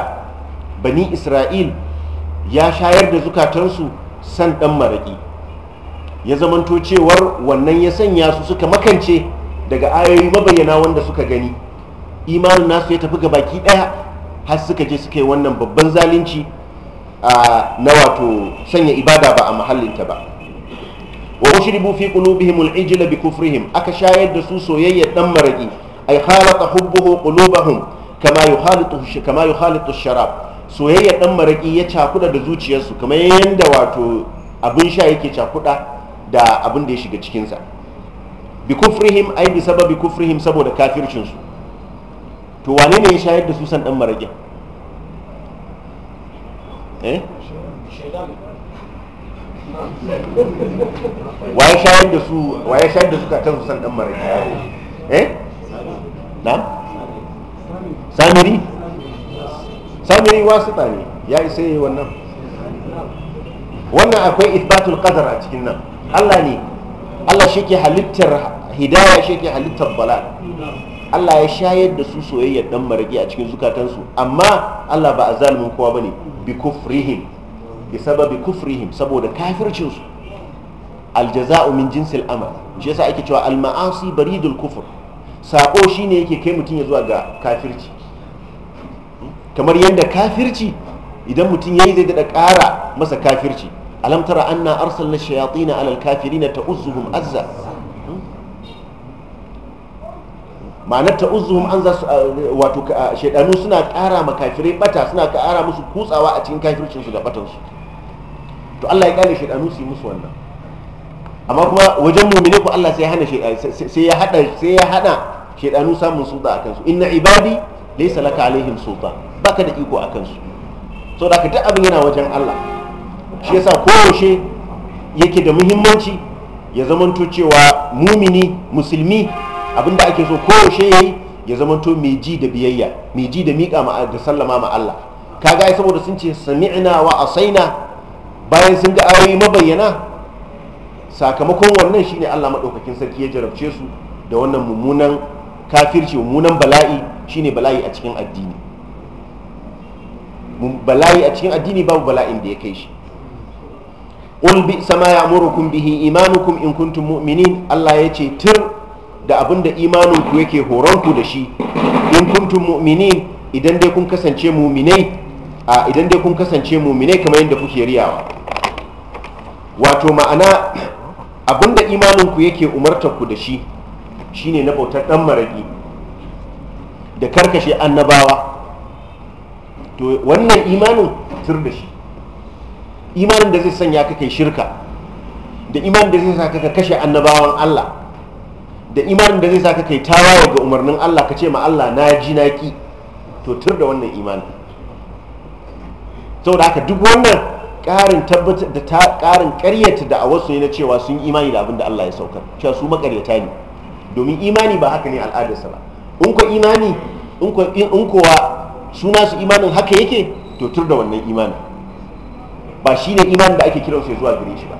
bani Isra'il ya shayar da zukatansu san dan maraƙi. ya zamanto cewar wannan ya sanya su suka makance daga ayoyi mabayyana wanda suka gani imanin nasu ya tafi ga baki ɗaya, har suka je suka yi wannan babban zalunci na wato sanya ibada ba a mahallinta ba wa ushribu fi qulubihim al-ijla bi kufrihim aka shayar da su soyayya dan maraki ay khalata hubbuhu qulubahum kama yukhalitu kama yukhalitu sharab soyayya dan maraki ya cakuda da zuciyarsu kamar yanda wato abin sha yake cakuda da abin da ya shiga cikin sa bi kufrihim ay bi sababi kufrihim saboda kafircin su to wane ne ya shayar da su san dan maraki eh waye shayar da su waye shayar da su ka kansu san dan maraƙi eh na samiri samiri wasita ne ya isa yi wannan wannan akwai ithbatul qadar a cikin nan Allah ne Allah shi ke halittar hidaya shi ke halittar Bala. Allah ya shayar da su soyayyar dan maraƙi a cikin zukatansu amma Allah ba a zalimin kowa bane bi kufrihim bi sababi kufrihim saboda kafircinsu aljaza'u min jinsil amal shi yasa ake cewa alma'asi baridul kufur sako shine yake kai mutum ya zuwa ga kafirci kamar yadda kafirci idan mutum yayi zai daɗa ƙara masa kafirci alam tara anna arsalna shayatin ala alkafirina ta'uzzuhum azza ma'anar ta'uzzuhum an za su wato shaidanu suna ƙara ma kafirai bata suna ƙara musu kutsawa a cikin kafircinsu da batansu to Allah ya kare shaidanu su yi musu wannan amma kuma wajen mumine ku Allah sai ya hana sai ya hada sai ya hada shaidanu samun sulta akan su inna ibadi laysa laka alaihim sulta baka da iko akan su da ka duk abin yana wajen Allah shi yasa koyaushe yake da muhimmanci ya zamanto cewa mumini musulmi abin abinda ake so koyaushe yayi ya zamanto mai ji da biyayya mai ji da miƙa da sallama ma Allah kaga ai saboda sun ce sami'na wa asaina bayan sun ga ayoyi mabayyana sakamakon wannan shine Allah maɗaukakin sarki ya jarabce su da wannan mummunan kafirci mummunan bala'i shine bala'i a cikin addini bala'i a cikin addini babu bala'in da ya kai shi qul bi sama ya'murukum bihi imanukum in kuntum mu'minin Allah ya ce tir da abin da ku yake horonku da shi in kuntum mu'minin idan dai kun kasance mu'minai a idan dai kun kasance mumine kamar yadda kuke riyawa wato ma'ana abinda imaninku yake umartar ku da shi shine na bautar dan maraki da karkashe annabawa to wannan imanin tur da shi imanin da zai sanya ka kai shirka da imanin da zai sa ka kashe annabawan Allah da imanin da zai sa ka kai tawaye ga umarnin Allah ka ce ma Allah na ji na ki to tur da wannan imanin saboda haka duk wannan ƙarin tabbatar da ta karin karyata da a wasu ne na cewa sun imani da abin da Allah ya saukar cewa su maƙaryata ne domin imani ba haka ne al'adarsa ba in ko imani in kowa su nasu imanin haka yake to tur da wannan imanin ba shi ne imanin da ake kiran su zuwa gare shi ba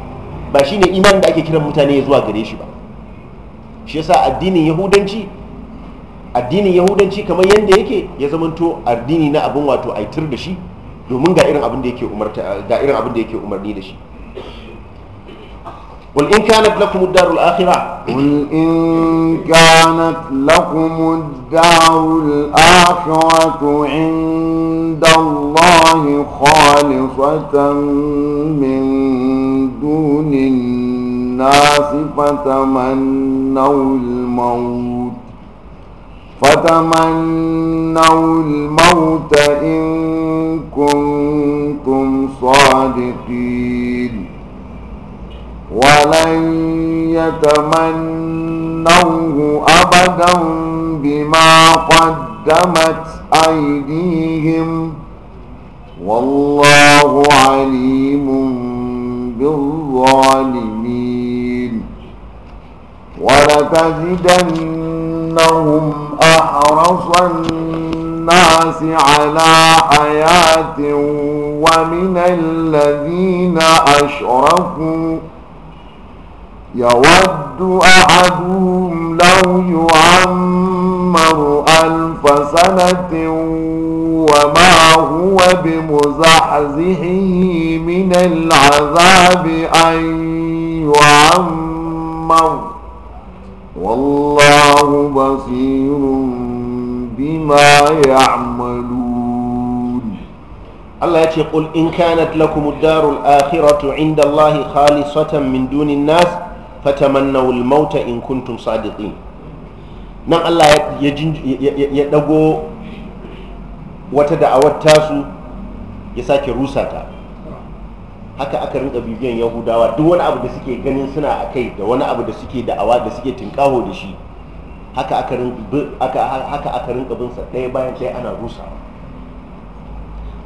ba shi ne imanin da ake kiran mutane zuwa gare shi ba shi yasa addinin yahudanci addinin yahudanci kamar yadda yake ya zamanto addini na abin wato aitir da shi domin ga irin abin da yake umarta ga irin abin da yake umarni da shi قل إن كانت لكم الدار الآخرة قل إن كانت لكم الدار الآخرة عند الله خالصة من دون الناس فتمنوا الموت فتمنوا الموت إن كنتم صادقين ولن يتمنوه أبدا بما قدمت أيديهم والله عليم بالظالمين ولتجدن أنهم أحرص الناس على حياة ومن الذين أشركوا يود أحدهم لو يعمر ألف سنة وما هو بمزحزحه من العذاب أن يعمر والله بصير بما يعملون الله يقول إن كانت لكم الدار الآخرة عند الله خالصة من دون الناس فتمنوا الموت إن كنتم صادقين نعم الله يدقو وتدعوت تاسو يساكي روساتا haka aka rinka bibiyan yahudawa duk wani abu da suke ganin suna a kai da wani abu da suke da'awa da suke tinkaho da shi haka aka rinka bin sa ɗaya bayan ɗaya ana rusawa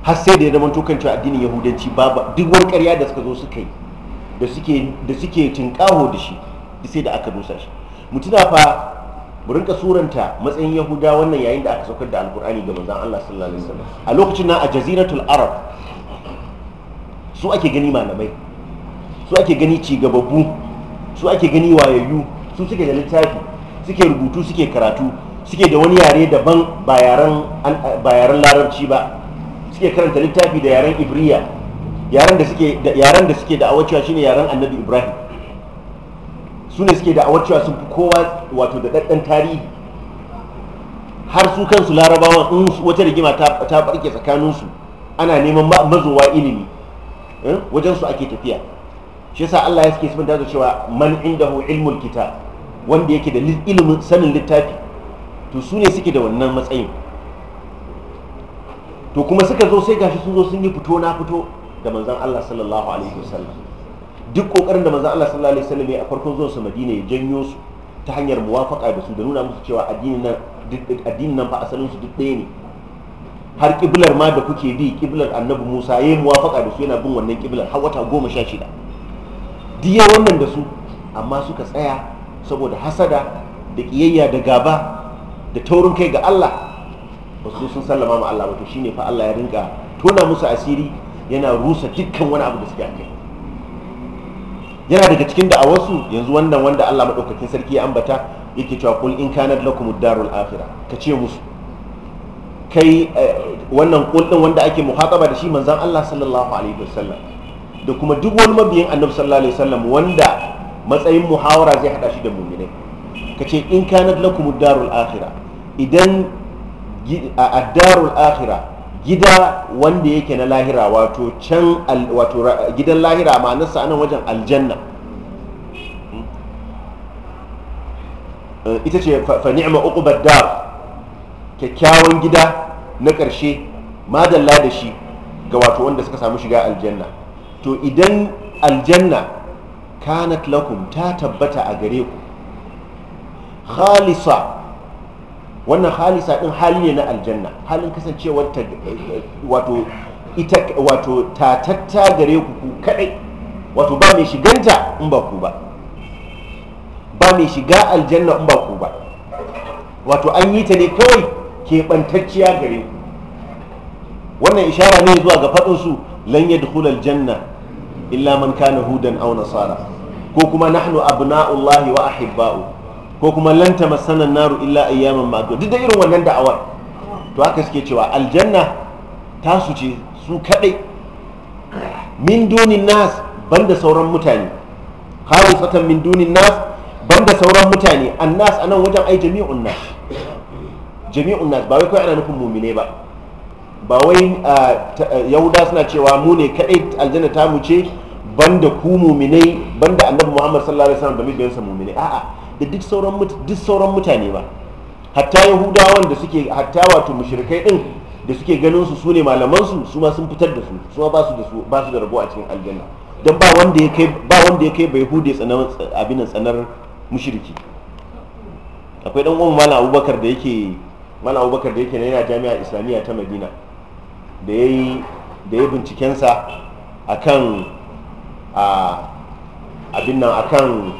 har sai da ya zama tukan cewa addinin yahudanci babu duk wani ƙarya da suka zo suka yi da suke da suke tinkaho da shi sai da aka rusa shi mutuna fa mu rinka suranta matsayin yahuda wannan yayin da aka saukar da alkur'ani ga manzon Allah sallallahu alaihi wasallam a lokacin nan a jaziratul arab su ake gani malamai su ake gani cigababbu su ake gani wayayyu su suke da littafi suke rubutu suke karatu suke da wani yare daban ba yaren larabci ba suke karanta littafi da yaren ibriya yaren da suke da suke da'awar ne yaren annabi ibrahim su ne suke da awacewa sun fi kowa wato da daddan tarihi har su kansu larabawan in wata rigima ta barke tsakaninsu ana neman mazowa ilimi Eh? wajen su ake tafiya shi yasa Allah ya sake sifanta da cewa man indahu ilmul kitab wanda yake da ilimin sanin littafi to su ne suke da wannan matsayin to kuma suka zo sai gashi sun zo sun yi fito na fito da manzon Allah sallallahu alaihi wasallam duk kokarin da manzon Allah sallallahu alaihi wasallam ya a farkon zuwan su Madina ya janyo su ta hanyar muwafaqa da su da nuna musu cewa addinin nan addinin nan fa asalin su duk ɗaya ne har kiblar ma da kuke bi kiblar annabi musa ya yi muwafaka da su yana bin wannan kiblar har wata goma sha shida diya wannan da su amma suka tsaya saboda hasada da kiyayya da gaba da taurin kai ga allah ba su sun sallama ma allah wato shine fa allah ya rinka tona musu asiri yana rusa dukkan wani abu da suke kai yana daga cikin da'awarsu yanzu wannan wanda allah maɗaukakin sarki ya ambata yake cewa kul in kanat lakum darul akhirah ka ce musu kai eh, wannan kullun wanda ake muhaqaba da shi manzan Allah sallallahu alaihi wasallam da kuma duk wani mabiyin annabi sallallahu alaihi wasallam wanda matsayin muhawara zai hada shi da mu'minai ce in kanat lakum darul akira idan a darul akira gida wanda yake na lahira wato can wato gidan lahira nasa anan wajen aljanna hmm? eh, ita ce fa ni'ma uqbad dar kyakkyawan gida na ƙarshe madalla da shi ga wato wanda suka samu shiga aljanna to idan aljanna kanat lakum ta tabbata a gare ku khalisa wannan khalisa din hali ne na aljanna halin kasancewar wato ita wato ta tatta gare ku ku kadai wato ba mai shiganta in ba ku ba ba mai shiga aljanna in ba ku ba wato an yi ta ne kawai keɓantacciya gare ku wannan ishara ne zuwa ga faɗinsu lan yadkhul janna, illa man kana hudan au nasara ko kuma nahnu abna'ullahi wa ahibba'u ko kuma lan tamassana naru illa ayyaman ma'dud duk da irin wannan da'awar to haka suke cewa aljanna su ce su kaɗai, min dunin nas banda sauran mutane satan min dunin nas banda sauran mutane annas anan wajen ai jami'un nas jami'un nas ba wai kawai ana nufin mumine ba ba wai yahuda suna cewa mu ne kadai aljanna ta mu ce banda ku mumine banda annabi muhammad sallallahu alaihi wasallam da mijinsa muminai a'a da duk sauran duk sauran mutane ba hatta yahudawan da suke hatta wato mushrikai din da suke ganin su sune malaman su su ma sun fitar da su su ma ba su da su ba su da rabo a cikin aljanna dan ba wanda ya kai ba wanda ya kai bai hude tsanar abinan tsanar mushriki akwai dan uwan malam abubakar da yake mana abubakar da yake na yana jami'a islamiyya ta madina da ya yi bincikensa a kan abin nan a kan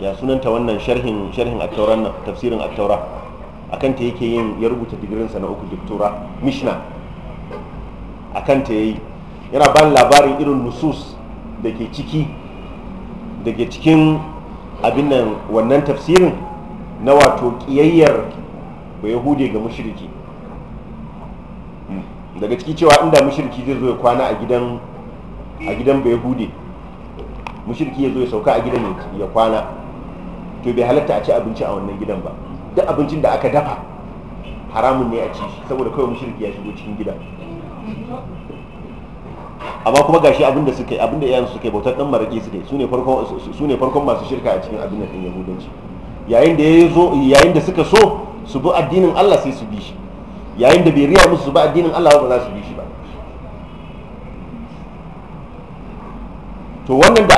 ya sunanta wannan sharhin aktauran attauran nan tafsirin attaura a kan ta yake yin ya rubuta digirinsa na uku diktura mishna a kan ta yi. yana ni labarin irin nusus da ke ciki da ke cikin abin nan wannan tafsirin na wato ƙiyayyar ba hude ga mashirki hmm. daga ciki cewa inda mashirki zai zo ya kwana a gidan a ba yahude ya zo ya sauka a gidan ya kwana to bai halatta a ci abinci a wannan gidan ba duk abincin da aka dafa haramun ne a ci saboda kawai mashirki ya shigo cikin gidan amma kuma gashi da suka yi da iyayen suka yi bautar dan maraki suka yi su ne farkon masu shirka a cikin abin da ɗin yahudanci yayin da ya zo yayin da suka so su bi addinin Allah sai su bi shi yayin da bai riya musu su bi addinin Allah ba za su bi shi ba to wannan da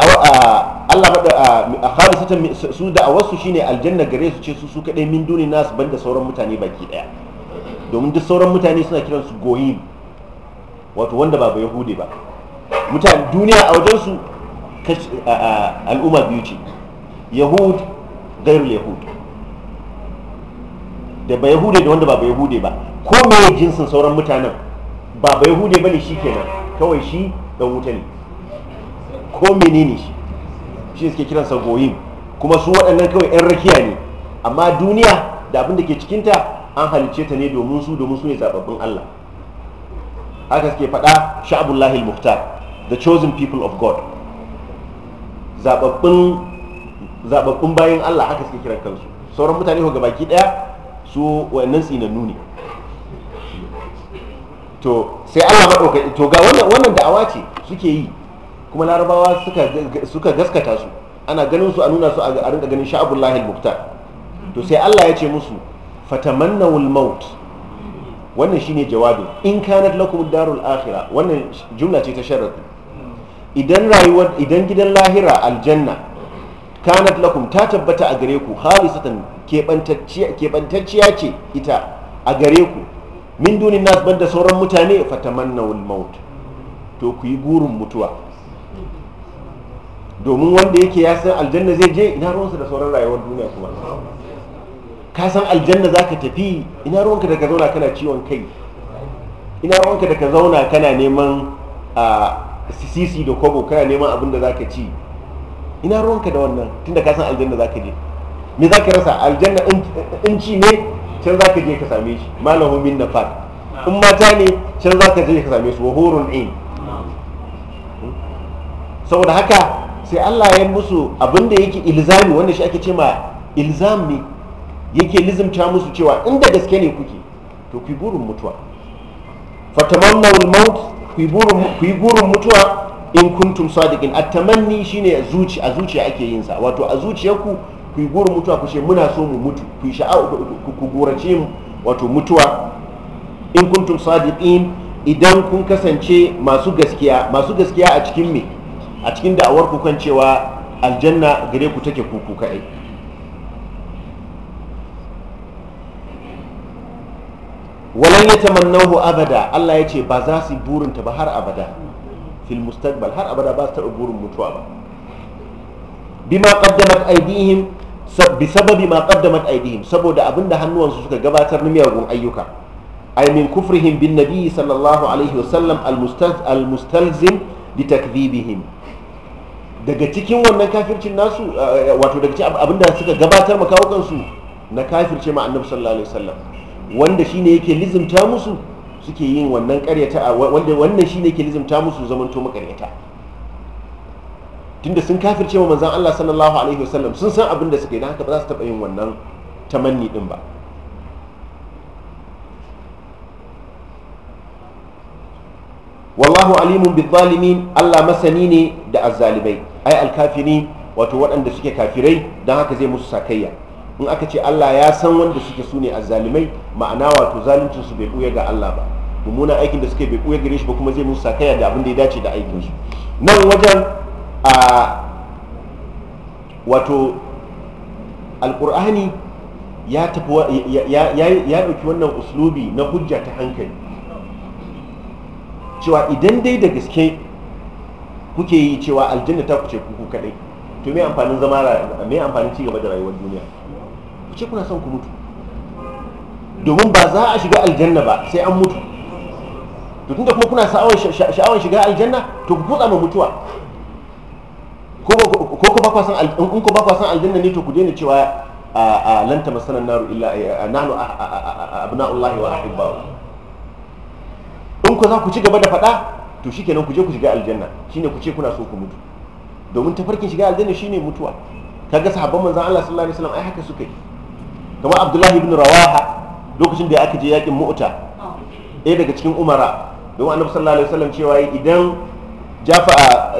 Allah a khalisatan su da awasu shine aljanna gare su ce su su kadai min duni nas banda sauran mutane baki daya domin duk sauran mutane suna kiran su goyim wato wanda ba bai yahudi ba mutane duniya a wajen su al'umma biyu ce yahud gairu yahud da ba yahude da wanda ba ba ba ko me jinsin sauran mutanen ba ba ne shi kenan kawai shi da wuta ne ko menene shi shi suke kiransa goyim kuma su waɗannan kawai 'yan rakiya ne amma duniya da abin da ke cikinta an halice ta ne domin su domin su ne zababbin Allah haka suke faɗa sha'abullahi al-muhtar the chosen people of God zababbin zababbun bayan Allah haka suke kiran kansu sauran mutane ko baki daya su wayannan tsinannu ne to sai Allah madaukai to ga wannan wannan da'awa ce suke yi kuma larabawa suka suka gaskata su ana ganin su a nuna su a rinka ganin sha'abullahi al-muktar to sai Allah ya ce musu fatamannawul maut wannan shine jawabin in kanat lakum darul akhirah wannan jumla ce ta sharadi idan rayuwar idan gidan lahira aljanna kanat lakum ta tabbata a gare ku khalisatan keɓantacciya ce ita a gare ku min dunin nas banda sauran mutane fatamannawul maut to ku yi burin mutuwa domin wanda yake ya san aljanna zai je ina ruwansa da sauran rayuwar duniya kuma ka san aljanna za ka tafi ina ruwanka da ka zauna kana ciwon kai ina ruwanka da ka zauna kana neman a ah, sisi da kwabo kana neman abin da za ka ci ina ruwanka da wannan tunda ka san aljanna za ka je me za ka rasa aljanna in ci ne can za ka je ka same shi malahu min nafat in mata ne can za ka je ka same su wahurun in saboda haka sai Allah ya musu abinda yake ilzami wanda shi ake ce ma ilzam ne yake lizimta musu cewa inda gaske ne kuke to ku burin mutuwa fatamanna al-maut ku burin mutuwa in kuntum sadiqin at-tamanni shine a zuci a zuciya ake yin sa wato a zuciyarku ku gura mutuwa ku ce muna so mu mutu ku sha'a ku gurace mu wato mutuwa in kuntum sadiqin idan kun kasance masu gaskiya masu gaskiya a cikin me a cikin da'awar ku kan cewa aljanna gare ku take kuku kai walan yatamannahu abada Allah ya ce ba za su burinta ba har abada fil mustaqbal har abada ba su taɓa burin mutuwa ba bima qaddamat aydihim bi sababi ma qaddamat aydihim saboda abinda hannuwansu suka gabatar na miyagun ayyuka ay min kufrihim bin nabi sallallahu alaihi wa sallam al mustalzim li takdhibihim daga cikin wannan kafircin nasu wato daga cikin abinda suka gabatar ma makawukan su na kafirce ma annabi sallallahu alaihi wa sallam wanda shine yake lizimta musu suke yin wannan karyata wanda wannan shine ke lizimta musu to makaryata tunda sun kafirce wa manzon Allah sallallahu alaihi wasallam sun san abin da suke na haka ba za su taba yin wannan ta manni din ba wallahu alimun zalimin Allah masani ne da azzalibai ai alkafirin wato waɗanda suke kafirai don haka zai musu sakayya in aka ce Allah ya san wanda suke su ne azzalimai ma'ana wato zaluncin su bai buya ga Allah ba mummunan aikin da suke bai buya gare shi ba kuma zai musu sakaya da abin da ya dace da aikin su nan wajen a wato alqur'ani ya tafi ya dauki wannan uslubi na hujja ta hankali cewa idan dai da gaske kuke yi cewa aljanna ta kuce kuku kadai to me amfanin zama me amfanin ci gaba da rayuwar duniya ku ce kuna son ku mutu domin ba za a shiga aljanna ba sai an mutu to tunda kuma kuna sha'awar shiga aljanna to ku kutsa ma mutuwa ko ku bakwa san in ku bakwa san aljanna ne to ku daina cewa a lan tamassana naru illa nanu abna'ullahi wa ahibbahu in ku za ku ci gaba da faɗa to shikenan ku je ku shiga aljanna shine ku ce kuna so ku mutu domin tafarkin shiga aljanna shine mutuwa kaga sahabban manzon Allah sallallahu alaihi wasallam ai haka suka yi kamar abdullahi ibn rawaha lokacin da aka je yakin mu'ta ɗaya daga cikin umara don annabi sallallahu alaihi wasallam cewa idan jafa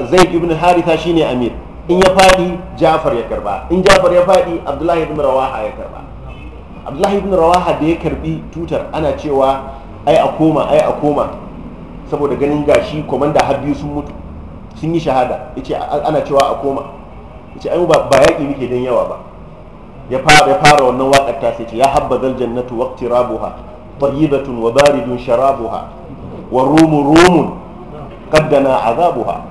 zaid ibn haritha shine amir in ya fadi jafar ya karba in jafar ya fadi abdullahi ibn rawaha ya karba abdullahi ibn rawaha da ya karbi tutar ana cewa ai a koma ai a koma saboda ganin gashi komanda har biyu sun mutu sun yi shahada yace ana cewa a koma yace ai ba yaƙi muke don yawa ba ya fara wannan waƙar ta sai ce ya zal jannatu rabuha tayyibatun wa baridun sharabuha wa rumu rumun qaddana azabuha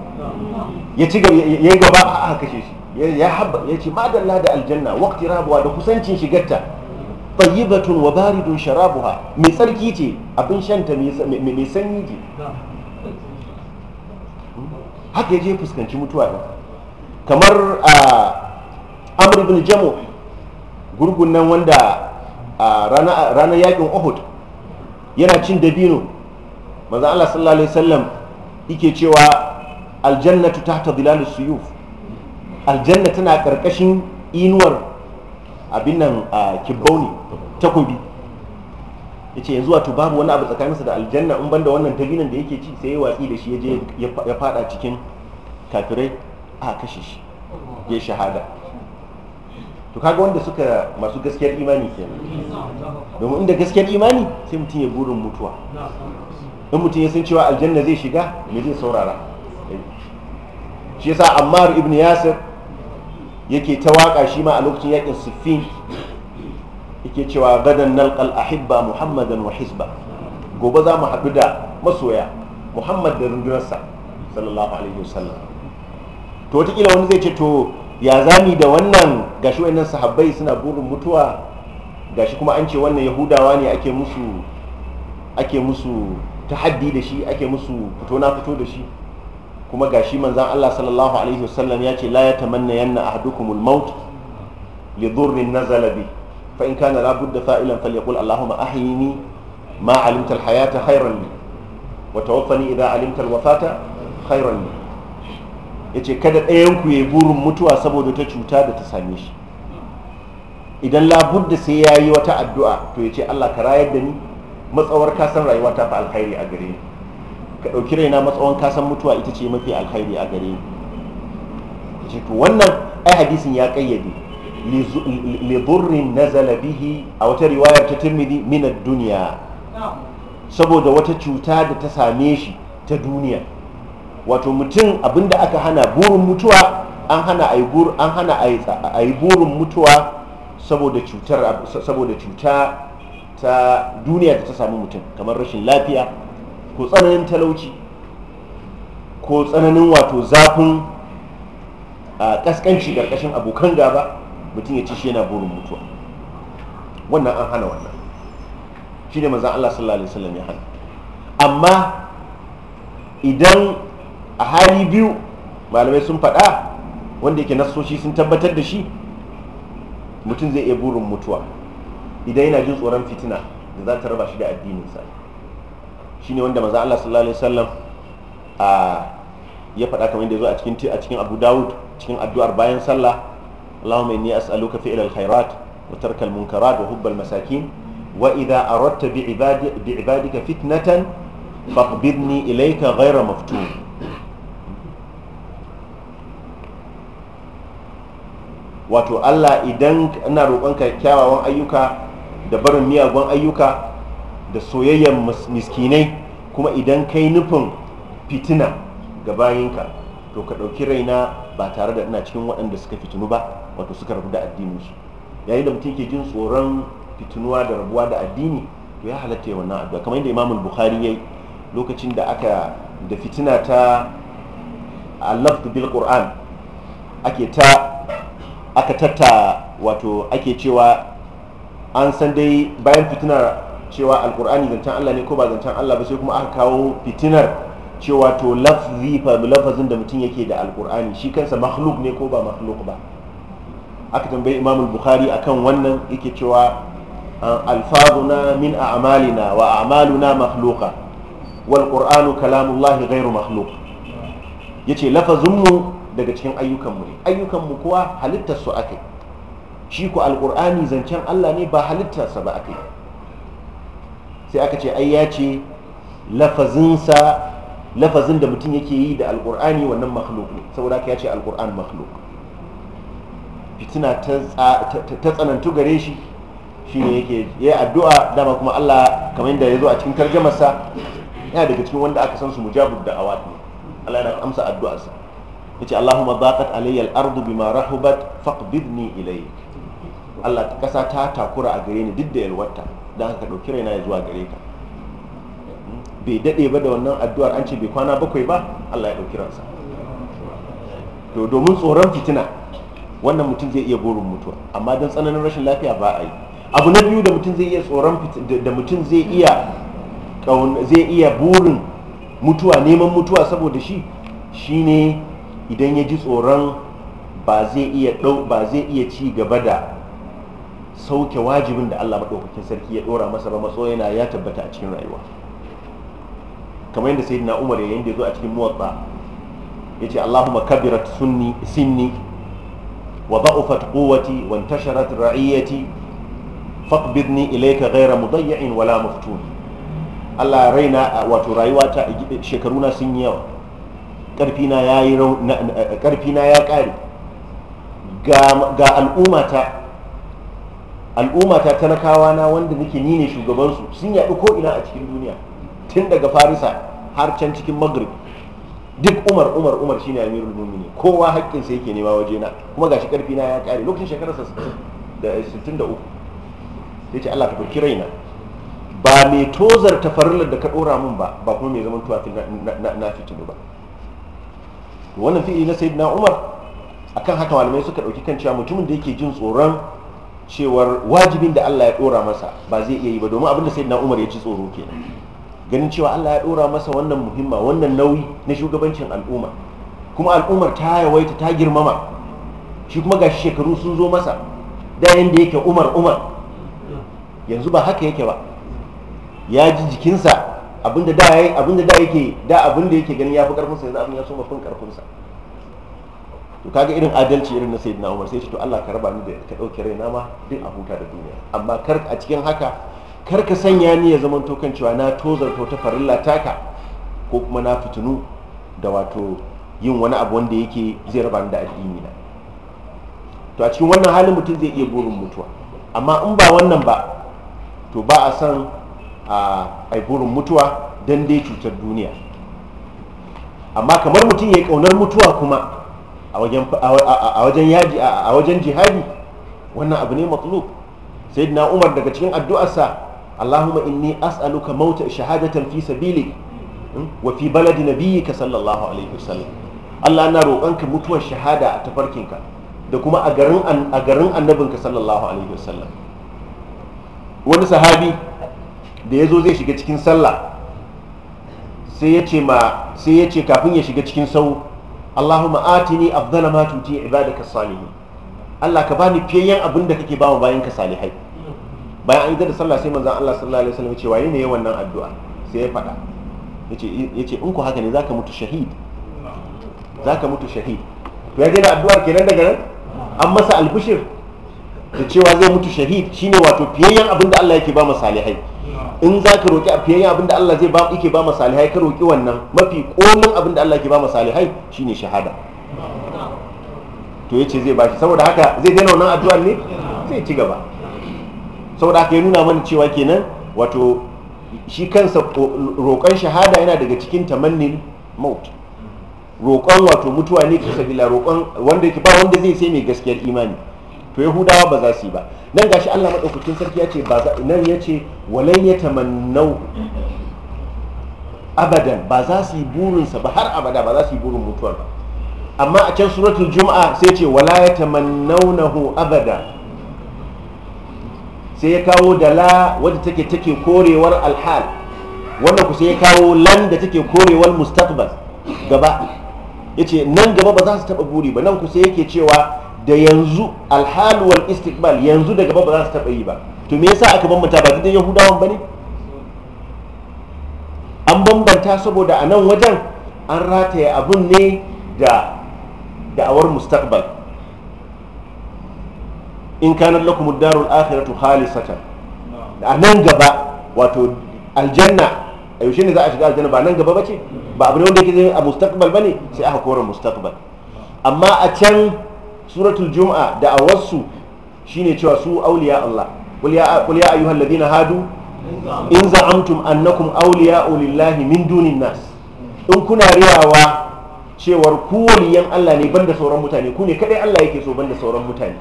ya ci ya gaba a kashe shi ya habba ya ce madalla da aljanna rabuha da kusancin shigarta tayyibatun wa baridun sharabuha mai tsarki ce abin shanta mai sanyi ce haka ya je fuskanci mutuwa kamar a ah, amr ibn jamu gurgun nan wanda ranar yakin uhud yana cin dabino maza Allah sallallahu alaihi wasallam yake cewa aljannatu tahta dhilal suyuf aljanna tana karkashin inuwar abin nan kibbauni takobi yace yanzu wato babu wani abu tsakanin tsakaninsa da aljanna in banda wannan dabinon da yake ci sai ya watsi da shi ya je ya fada cikin kafirai a kashe shi ya shahada to kaga wanda suka masu gaskiyar imani kenan domin inda gaskiyar imani sai mutum ya burin mutuwa in mutum ya san cewa aljanna zai shiga me zai saurara shi yasa ammar ibn yasir yake ta waka shi ma a lokacin yakin siffin yake cewa gadan nalqal ahibba muhammadan wa hisba gobe za mu haɗu da masoya muhammad da rundunarsa sallallahu alaihi wasallam to wataƙila wani zai ce to ya zami da wannan gashi wa'annan sahabbai suna burin mutuwa gashi kuma an ce wannan yahudawa ne ake musu ake musu tahaddi da shi ake musu fito na fito da shi kuma gashi manzan Allah sallallahu alaihi wasallam ya ce la ya tamanna yanna ahadukumul maut li dhurrin nazala bi fa in kana la budda fa'ilan falyaqul allahumma ahyini ma alimta al hayata khayran li wa tawaffani idha alimta al wafata khayran li ya ce kada ɗayanku ya yi burin mutuwa saboda ta cuta da ta same shi idan labudda sai ya yi wata addu'a to ya ce allah ka rayar da ni matsawar kasan rayuwa ta fi alkhairi a gare ni ka ɗauki raina matsawan kasan mutuwa ita ce mafi alkhairi a gare ni ya ce to wannan ai hadisin ya ƙayyade lidurrin na zalabihi a wata riwayar ta tirmidhi min duniya saboda wata cuta da ta same shi ta duniya wato mutum abinda aka hana burin mutuwa an hana a yi burin mutuwa saboda cutar saboda cuta ta duniya da ta samu mutum kamar rashin lafiya ko tsananin talauci ko tsananin wato zafin a kaskanci karkashin abokan gaba mutum ya ci shi yana burin mutuwa wannan an hana wannan shi ne manzan Allah sallallahu alaihi wasallam ya hana amma idan a hali biyu malamai sun faɗa wanda yake nasoshi sun tabbatar da shi mutum zai iya burin mutuwa idan yana jin tsoron fitina da za ta raba shi da addininsa shine wanda maza Allah sallallahu alaihi wasallam a ya faɗa kamar yadda zo a cikin a cikin Abu Dawud cikin addu'ar bayan sallah Allahumma inni as'aluka fi'l al-khairat wa tarka munkarat wa hubbal masakin wa idha aradta bi ibadika fitnatan faqbidni ilayka ghayra maftun wato Allah idan ina roƙonka kyawawan ayyuka da barin miyagun ayyuka da soyayyen miskinai kuma idan kai nufin fitina ga bayinka to ka ɗauki raina ba tare da ina cikin waɗanda suka fitinu ba wato suka rabu da addininsu yayin da mutum ke jin tsoron fitinuwa da rabuwa da addini to ya halatta wannan addu'a kamar yadda imamul bukhari yayi lokacin da aka da fitina ta allaftu bil qur'an ake ta aka tattara wato ake cewa an san dai bayan fitinar cewa alkur'ani zancen Allah ne ko ba zancen Allah ba sai kuma aka kawo fitinar cewa to lafzi fa lafazin da mutum yake da alkur'ani shi kansa makhluk ne ko ba makhluk ba aka tambayi imam bukhari akan wannan yake cewa ah, alfazuna min a'malina wa a'maluna makhluqa wal qur'anu kalamullahi ghairu makhluq yace mu daga cikin ayyukanmu ne ayyukanmu kuwa halittar su ake shi ku alƙur'ani zancen allah ne ba halittarsa ba ake sai aka ce ai ya ce lafazinsa lafazin da mutum yake yi da alƙur'ani wannan makhluk ne saboda ya ce alƙur'an makhluk fitina ta tsanantu gare shi shi ne yake ya addu'a dama kuma allah kamar yadda ya zo a cikin tarjamarsa yana daga cikin wanda aka san su mujabud da awad ne allah yana amsa addu'arsa yace Allahumma daqat alayya al-ardu bima rahubat faqbidni ilayk Allah kasa ta takura a gare ni duk da yalwata dan haka dauki raina ya zuwa gare ka bai dade ba da wannan addu'ar an ce bai kwana bakwai ba Allah ya dauki ransa to domin tsoron fitina wannan mutum zai iya burin mutuwa amma don tsananin rashin lafiya ba a yi abu na biyu da mutum zai iya tsoron da mutum zai iya zai iya burin mutuwa neman mutuwa saboda shi shine idan ya ji tsoron ba zai iya ba zai iya ci gaba da sauke wajibin da Allah maɗaukakin sarki ya ɗora masa ba matso yana ya tabbata a cikin rayuwa kamar yadda na Umar yayin da ya zo a cikin ya ce Allahumma kabirat sunni sinni wa da'ufat quwwati wa intasharat ra'iyati faqbidni ilayka ghayra in wala maftun Allah raina wato rayuwata shekaruna sun yi yawa ƙarfina eh, ya ƙari ga al'umata talakawa na wanda nake ni ne shugabansu sun yaɗu ko'ina a cikin duniya tun daga farisa har can cikin maghrib duk umar umar umar shine amirul mu'mini kowa haƙƙinsa yake nema waje na kuma gashi shi na ya ƙare lokacin shekararsa 63 eh, ce Allah ka raina ba mai tozar tafarilar da ka ɗora min ba ba kuma mai zaman tuwa na fitinu ba wannan fi'ili na sayyidina umar akan haka malamai suka ɗauki kan cewa mutumin da yake jin tsoron cewar wajibin da Allah ya dora masa ba zai iya yi ba domin abin da sayyidina umar ya ci tsoro kenan ganin cewa Allah ya dora masa wannan muhimma wannan nauyi na shugabancin al'umma kuma al'ummar ta yawaita ta girmama shi kuma gashi shekaru sun zo masa da yanda yake umar umar yanzu ba haka yake ba ya ji jikinsa abinda da yayi abinda da yake da abinda yake gani yafi karfin sa yanzu abin ya so mafin karfin to kaga irin adalci irin na sayyidina Umar sai ce to Allah ka raba ni da ka dauke raina ma duk a huta da duniya amma kar a cikin haka kar ka sanya ni ya zama to kan cewa na tozarto ta farilla taka ko kuma na fitinu da wato yin wani abu wanda yake zai raba ni da addini na to a cikin wannan halin mutum zai iya burin mutuwa amma in ba wannan ba to ba a san a aiburin mutuwa don dai cutar duniya amma kamar mutum ya kaunar mutuwa kuma a wajen jihadi wannan abu ne matsalub sai na umar daga cikin addu'arsa allahumma inni as'aluka mauta shahadatan fi sabili hmm, wa fi baladi ka sallallahu alaihi wasallam allah na roƙonka mutuwar shahada a tafarkinka da kuma a garin annabinka sallallahu alaihi wasallam wani sahabi da ya zo zai shiga cikin sallah sai ya ce ma sai ya ce kafin ya shiga cikin sau Allahumma atini afdala ma tuti ibadaka salihin Allah ka bani fiyayen abin da kake mu bayan ka salihai bayan an yi da sallah sai manzon Allah sallallahu alaihi wasallam ya ce waye ne wannan addu'a sai ya faɗa yace yace in ku haka ne zaka mutu shahid zaka mutu shahid to ya gina addu'ar kenan daga nan an masa albishir da cewa zai mutu shahid shine wato fiyayen abin da Allah yake ba mu salihai in za ka roƙi afiyayyen abin da Allah zai ba yake ba masalihai ka roƙi wannan mafi kolin abinda da Allah ke ba masalihai shine shahada to yace zai ba shi saboda haka zai daina wannan addu'a ne zai ci gaba saboda haka ya nuna mana cewa kenan wato shi kansa roƙon shahada yana daga cikin tamannin maut roƙon wato mutuwa ne ke sabila roƙon wanda ke ba wanda zai sai mai gaskiyar imani to yahudawa ba za su yi ba nan gashi allah maɗaukakin sarki ya ce nan ya ce walai ya tamannau abadan ba za su yi burinsa ba har abada ba za su yi burin mutuwar ba amma a can suratul juma'a sai ce wala ya hu abada sai ya kawo da la wadda take take korewar alhal wannan ku sai ya kawo lan da take korewar mustaqbal gaba ya ce nan gaba ba za su taba buri ba nan ku sai yake cewa da yanzu alhaluwar istikbal yanzu daga gaba za su taɓa yi ba to me yasa aka bambanta ba duk yahudawan ba ne an bambanta saboda a nan wajen an rataye abin ne da da'awar mustaqbal in kana lakum ad-darul akhiratu khalisatan a nan gaba wato aljanna a yaushe ne za a shiga aljanna ba nan gaba ba ce ba abu ne wanda yake a mustaqbal ba ne sai aka kora mustaqbal amma a can suratul jum'a da awarsu shine cewa su auliya Allah qul ya ayyuhal ladina hadu in za'amtum annakum auliya olillahi min dunin nas in kuna riyawa cewar ku waliyan Allah ne banda sauran mutane ku ne kadai Allah yake so banda sauran mutane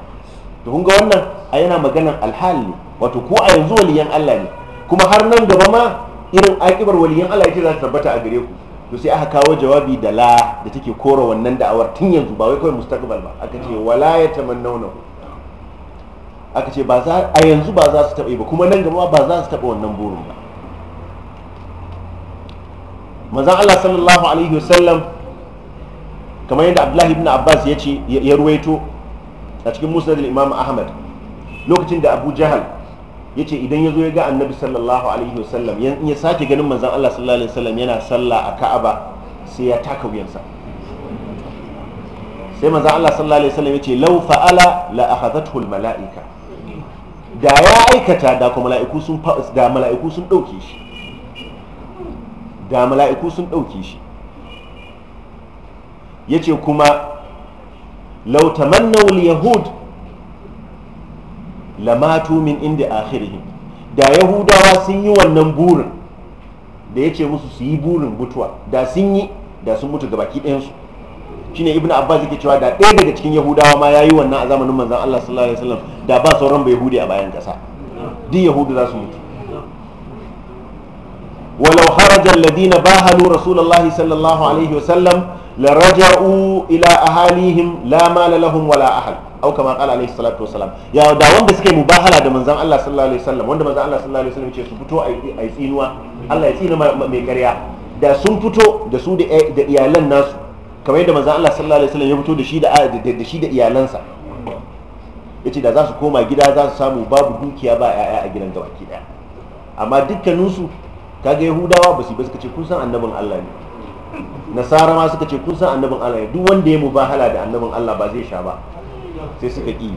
to kun ga wannan a yana maganan alhali wato ku a yanzu waliyan Allah ne kuma har nan gaba ma irin akibar waliyan Allah yake za ta tabbata a gare ku to sai aka kawo jawabi da la da take kora wannan da'awar tun yanzu ba wai kawai mustaqbal ba aka ce wala ya tamannawna aka ce ba za a yanzu ba za su taɓa ba kuma nan gaba ba za su taɓa wannan burin ba manzon Allah sallallahu alaihi wasallam kamar yadda Abdullahi ibn Abbas ya ce ya ruwaito a cikin Musnad al-Imam Ahmad lokacin da Abu Jahal ya ce idan ya zo ya ga annabi sallallahu alaihi wasallam in ya sake ganin manzan Allah sallallahu alaihi wasallam yana salla a Ka'aba sai ya taka wuyansa sai manzan Allah sallallahu alaihi wasallam ce law fa'ala la akhadathu al mala'ika da ya aikata da kuma mala'iku sun da mala'iku sun dauke shi da mala'iku sun dauke shi yace kuma law tamannaw al yahud lamatu min inda akhirihim da yahudawa sun yi wannan burin da ya ce musu su yi burin mutuwa da sun yi da sun mutu gabaki ɗayansu shine ibnu abbas yake cewa da ɗaya daga cikin yahudawa ma yayi wannan a zamanin manzon Allah sallallahu alaihi wasallam da ba sauran bai yahudi a bayan kasa duk yahudu za su mutu walau haraja alladhina bahalu rasulullahi sallallahu alaihi wasallam laraja'u ila ahalihim la mala lahum wala ahal au kama qala alaihi salatu wasalam ya da wanda suke yi mubahala da manzon Allah sallallahu alaihi wasallam wanda manzon Allah sallallahu alaihi wasallam ce su fito ai tsinuwa Allah ya tsina mai ƙarya da sun fito da su da eh, iyalan nasu kamar yadda manzon Allah sallallahu alaihi wasallam ya fito da shi da ah, da shi da iyalansa yace da za su koma gida za su samu babu dukiya ba yaya a gidan gabaki daya amma dukkaninsu kaga yahudawa ba su ba suka ce kun san annabin Allah ne nasara ma suka ce kun san annabin Allah ne duk wanda ya mubahala da annabin Allah ba zai sha ba sai suka ƙi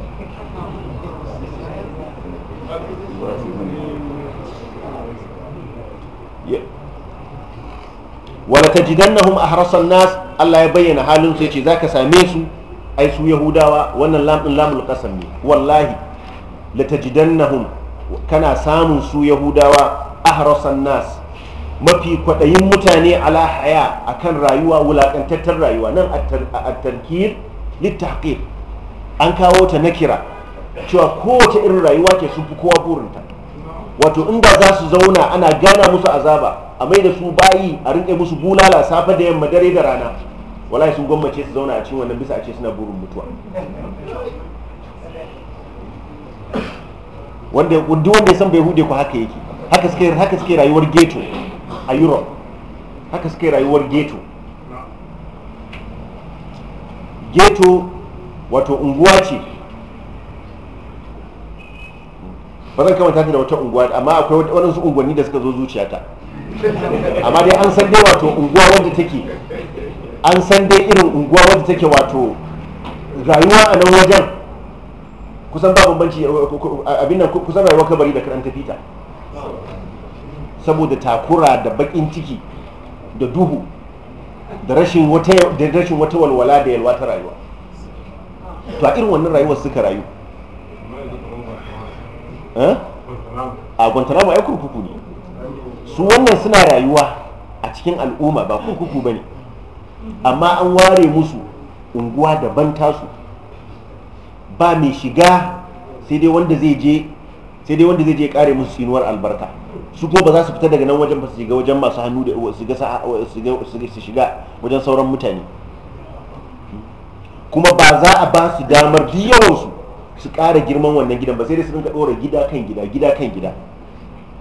wala tajidannahum nas Allah ya bayyana halin ya ce zaka same su ai su yahudawa wannan lamun lamul qasam ne wallahi la tajidannahum kana samun su yahudawa ahrasan nas mafi kwaɗayin mutane ala haya akan rayuwa wulaƙantattar rayuwa nan a tarkir lit an kawo ta na kira cewa kowace irin rayuwa ke sun fi kowa burinta wato inda za su zauna ana gana musu azaba a mai da su bayi a rinƙe musu bulala safe da yamma dare da rana wallahi sun gwammace su zauna a cikin wannan bisa a ce suna burin mutuwa wanda wanda wanda ya san bai hude ku haka yake haka suke haka suke rayuwar ghetto a Europe haka suke rayuwar geto ghetto wato unguwa ce ba zan kamanta da wata unguwa amma akwai waɗansu unguwanni da suka zo zuciyata amma dai an san dai wato unguwa wadda take an san dai irin unguwa wadda take wato rayuwa a nan wajen kusan ba bambanci abin nan kusan rayuwa kabari da karanta fita saboda takura da bakin ciki da duhu da rashin wata walwala da yalwa ta rayuwa to a irin wannan rayuwar suka rayu eh? a guantanamo ya kurkuku ne su wannan suna rayuwa a cikin al'umma ba kurkuku ba ne amma an ware musu unguwa daban tasu ba mai shiga sai dai wanda zai je sai dai wanda zai je kare musu sinuwar albarka su ko ba za su fita daga nan wajen ba su shiga wajen masu hannu da su shiga wajen sauran mutane kuma ba za a ba su damar duk su ƙara girman wannan gidan ba sai dai su dinga ɗora gida kan gida gida kan gida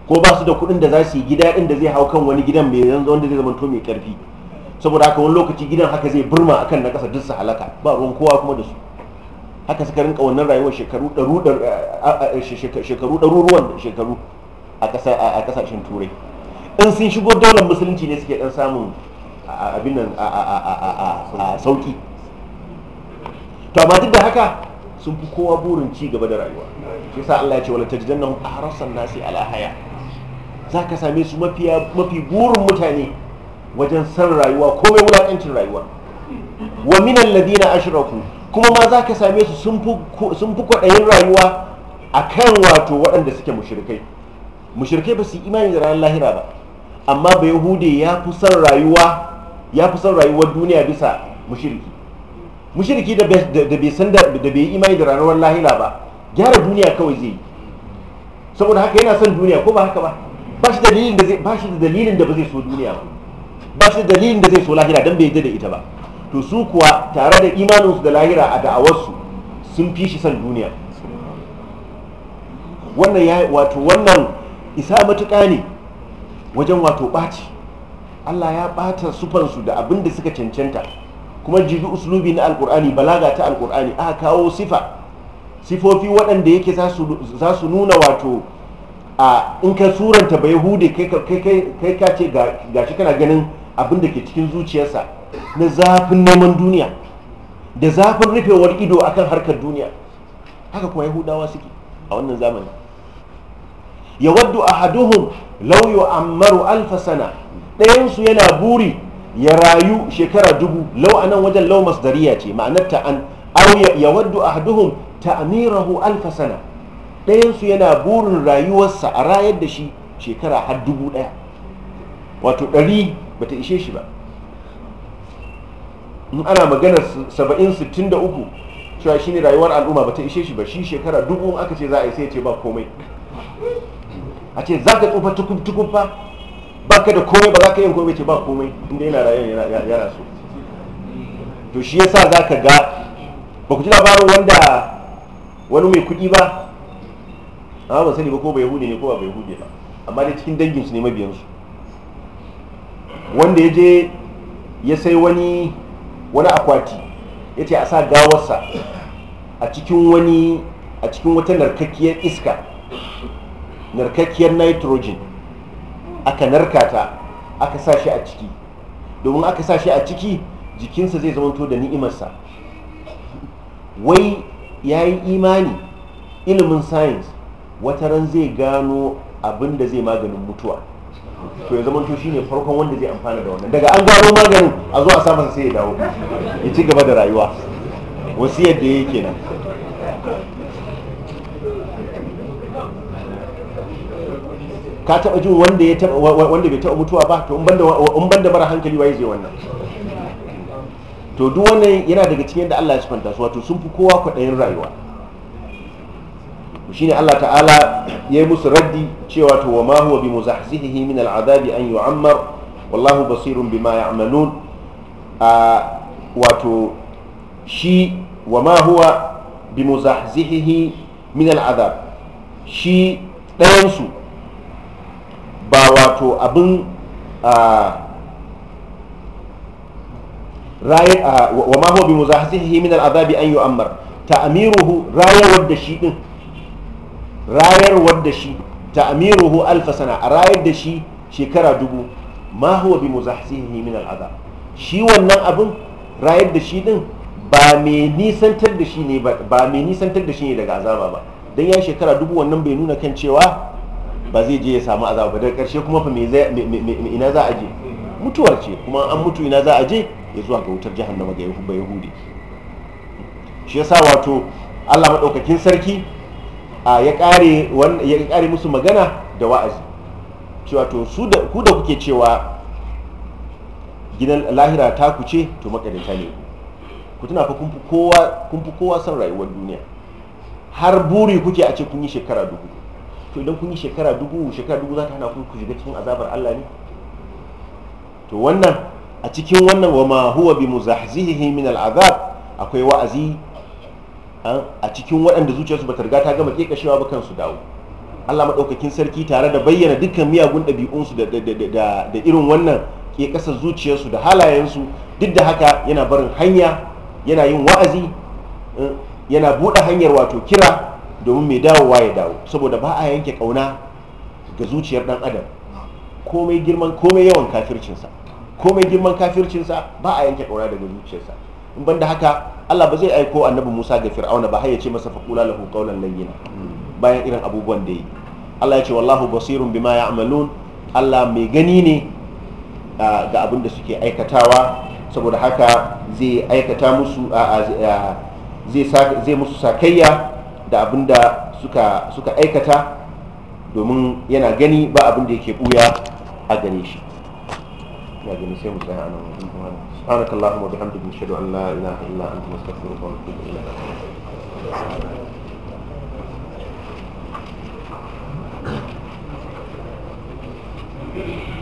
ko ba su da kuɗin da za su yi gida ɗin da zai hau kan wani gidan mai yanzu wanda zai zama to mai ƙarfi saboda haka wani lokaci gidan haka zai burma akan na ƙasa duk halaka ba ruwan kowa kuma da su haka suka rinka wannan rayuwar shekaru ɗaruruwan shekaru a ƙasashen turai in sun shigo daular musulunci ne suke ɗan samun abin nan a sauki to amma duk da haka sun fi kowa burin ci gaba da rayuwa shi yasa Allah ya ce wala tajidannahum ahrasan nasi ala haya zaka same su mafi mafi burin mutane wajen san rayuwa ko mai wulakancin rayuwa wa min alladhina ashraku kuma ma zaka same su sun fi sun fi kwaɗayin rayuwa akan wato waɗanda suke mushrikai mushrikai ba su imani da ranar lahira ba amma ba yahude ya fi san rayuwa ya fi san rayuwar duniya bisa mushriki mushiriki da bai san da bai imani da ranar lahira ba gyara duniya kawai zai yi saboda haka yana son duniya ko ba haka ba ba shi dalilin da ba shi dalilin da ba zai so duniya ba ba shi dalilin da zai so lahira dan bai yadda da ita ba to su kuwa tare da imanin su da lahira a da'awarsu sun fi shi son duniya wannan ya wato wannan isa matuƙa ne wajen wato ɓaci Allah ya ɓata sufansu da abin da suka cancanta kuma jibi uslubi na alkur'ani balaga ta alkur'ani aka kawo sifa sifofi waɗanda yake za su nuna wato a in ka suranta ba hude kai ka ce ga kana ganin abin da ke cikin zuciyarsa na zafin neman duniya da zafin rufewar ido akan harkar duniya haka kuma yahudawa suke a wannan zamani yawaddu ahaduhum law yu'ammaru alfasana sana ɗayansu yana buri ya rayu shekara dubu lau anan wajen lau dariya ce ma'anar ta an ya waddu ahduhum ta'mirahu alf sana ɗayansu yana burin rayuwarsa a rayar da shi shekara har dubu ɗaya wato ɗari ta ishe shi ba in ana maganar saba'in sittin da uku cewa ne rayuwar al'umma bata ishe shi ba shi shekara dubu aka ce za a yi sai ce ba komai a ce za ka tsufa tukufa. ba da komai ba za ka yin komai ce ba komai inda yana rayuwa yana so to shi yasa za ka ga ba ku ji labarin wanda wani mai kuɗi ba amma ba sani ba ko bai hudu ne ko ba bai hudu ba amma dai cikin dangin su ne mabiyansu wanda ya je ya sai wani wani akwati ya ce a sa gawarsa a cikin wani a cikin wata narkakkiyar iska narkakkiyar nitrogen aka narkata ta aka sa shi a ciki domin aka sa shi a ciki jikinsa zai zamanto da ni'imarsa wai ya yi imani ilimin science wata ran zai gano abin da zai maganin mutuwa to ya zamanto ne farkon wanda zai amfana da wannan daga an gano maganin a zo a samun sai ya dawo ya ci gaba da rayuwa yadda yadda yake nan ka taba jin wanda ya taba wanda bai taba mutuwa ba to in banda mara hankali waye zai wannan to duk wannan yana daga cikin da Allah ya sifanta su wato sun fi kowa kwaɗayin rayuwa shine Allah ta'ala ya yi musu raddi cewa to wa ma huwa bi muzahzihihi min al'adabi an yu'ammar wallahu basirun bima ya'malun a wato shi wa ma huwa bi muzahzihihi min al'adab shi ɗayansu ba wato abin a rayar wa ma huwa bi muzahatihi min al'azabi an yu'ammar ta'miruhu rayar da shi din rayarwar da shi ta'miruhu alf alfasana a rayar da shi shekara dubu ma huwa bi muzahatihi min al'azab shi wannan abin rayar da shi din ba mai nisantar da shi ne ba mai nisantar da shi ne daga azaba ba dan ya shekara dubu wannan bai nuna kan cewa ba zai je ya samu azaba ba daga karshe kuma fa me ina za a je mutuwar ce kuma an mutu ina za a je ya zuwa ga wutar jahannama ga yahuba yahudi shi yasa wato Allah madaukakin sarki ya kare musu magana da wa'azi cewa to da ku da kuke cewa gidan lahira ta ku ce to makaranta ne ku tuna fa kun fi kowa son rayuwar duniya har buri kuke a ce kun yi shekara dubu to idan kun yi shekara dubu shekara dubu za ta hana ku ku cikin azabar Allah ne to wannan a cikin wannan wa ma huwa bi muzahzihi min al'azab akwai wa'azi ah, a cikin waɗanda zuciyarsu ba ta riga ta gama kekashewa ba kansu dawo Allah madaukakin sarki tare da bayyana dukkan miyagun ɗabi'unsu da da irin wannan ke ƙasa zuciyarsu da halayensu duk da haka yana barin hanya yana yin wa'azi eh, yana buɗe hanyar wato kira domin mai dawowa ya dawo saboda ba a yanke kauna ga zuciyar dan adam komai girman komai yawan kafircinsa komai girman kafircinsa ba a yanke kauna daga zuciyarsa in banda haka Allah ba zai aiko annabi Musa ga Fir'auna ba har ya ce masa faqula lahu qawlan layyina bayan irin abubuwan da yi Allah ya ce wallahu basirun bima ya ya'malun Allah mai gani ne ga abin da suke aikatawa saboda haka zai aikata musu zai musu sakayya da abin da suka aikata domin yana gani ba abin da yake buya a gane shi ya gani sai musa ya anan wajen kuma sanat Allah kuma da hamdu bin shaidu Allah ila Allah an kuma sakar ruwa wani kuma ila Thank you.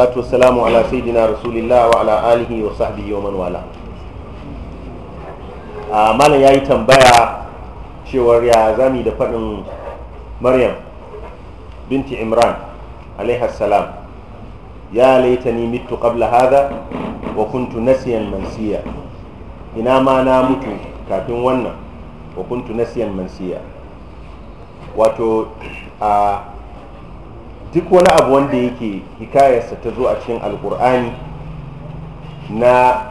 والصلاة والسلام على سيدنا رسول الله وعلى آله وصحبه ومن والاه malam ya yi tambaya cewar ya zami da faɗin maryam binti imran salam ya laitani mitu qabla hada wa kuntu nasiyan mansiya ina ma na mutu kafin wannan wa kuntu nasiyan mansiya wato a ah, duk wani abu wanda yake hikayarsa ta zo a cikin alkur'ani na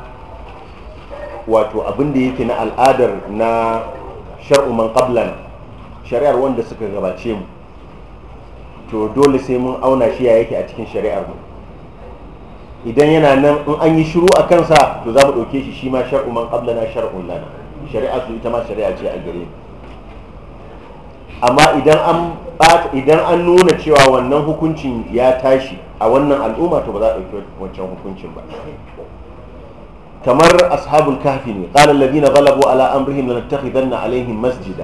wato abin da yake na al'adar na shar'uman shari'ar wanda suka gabace mu to dole sai mun auna shi ya yake a cikin shari'ar mu idan yana nan in an yi shiru a kansa to za mu ɗauke shi shi ma shar'uman man na shar'un lana shari'a su ita ma shari'a ce a gare amma idan an idan an nuna cewa wannan hukuncin ya tashi a wannan al'umma to ba za a ɗauki wancan hukuncin ba kamar ashabul kafi ne qala alladhina ghalabu ala amrihim lanattakhidanna alaihim masjida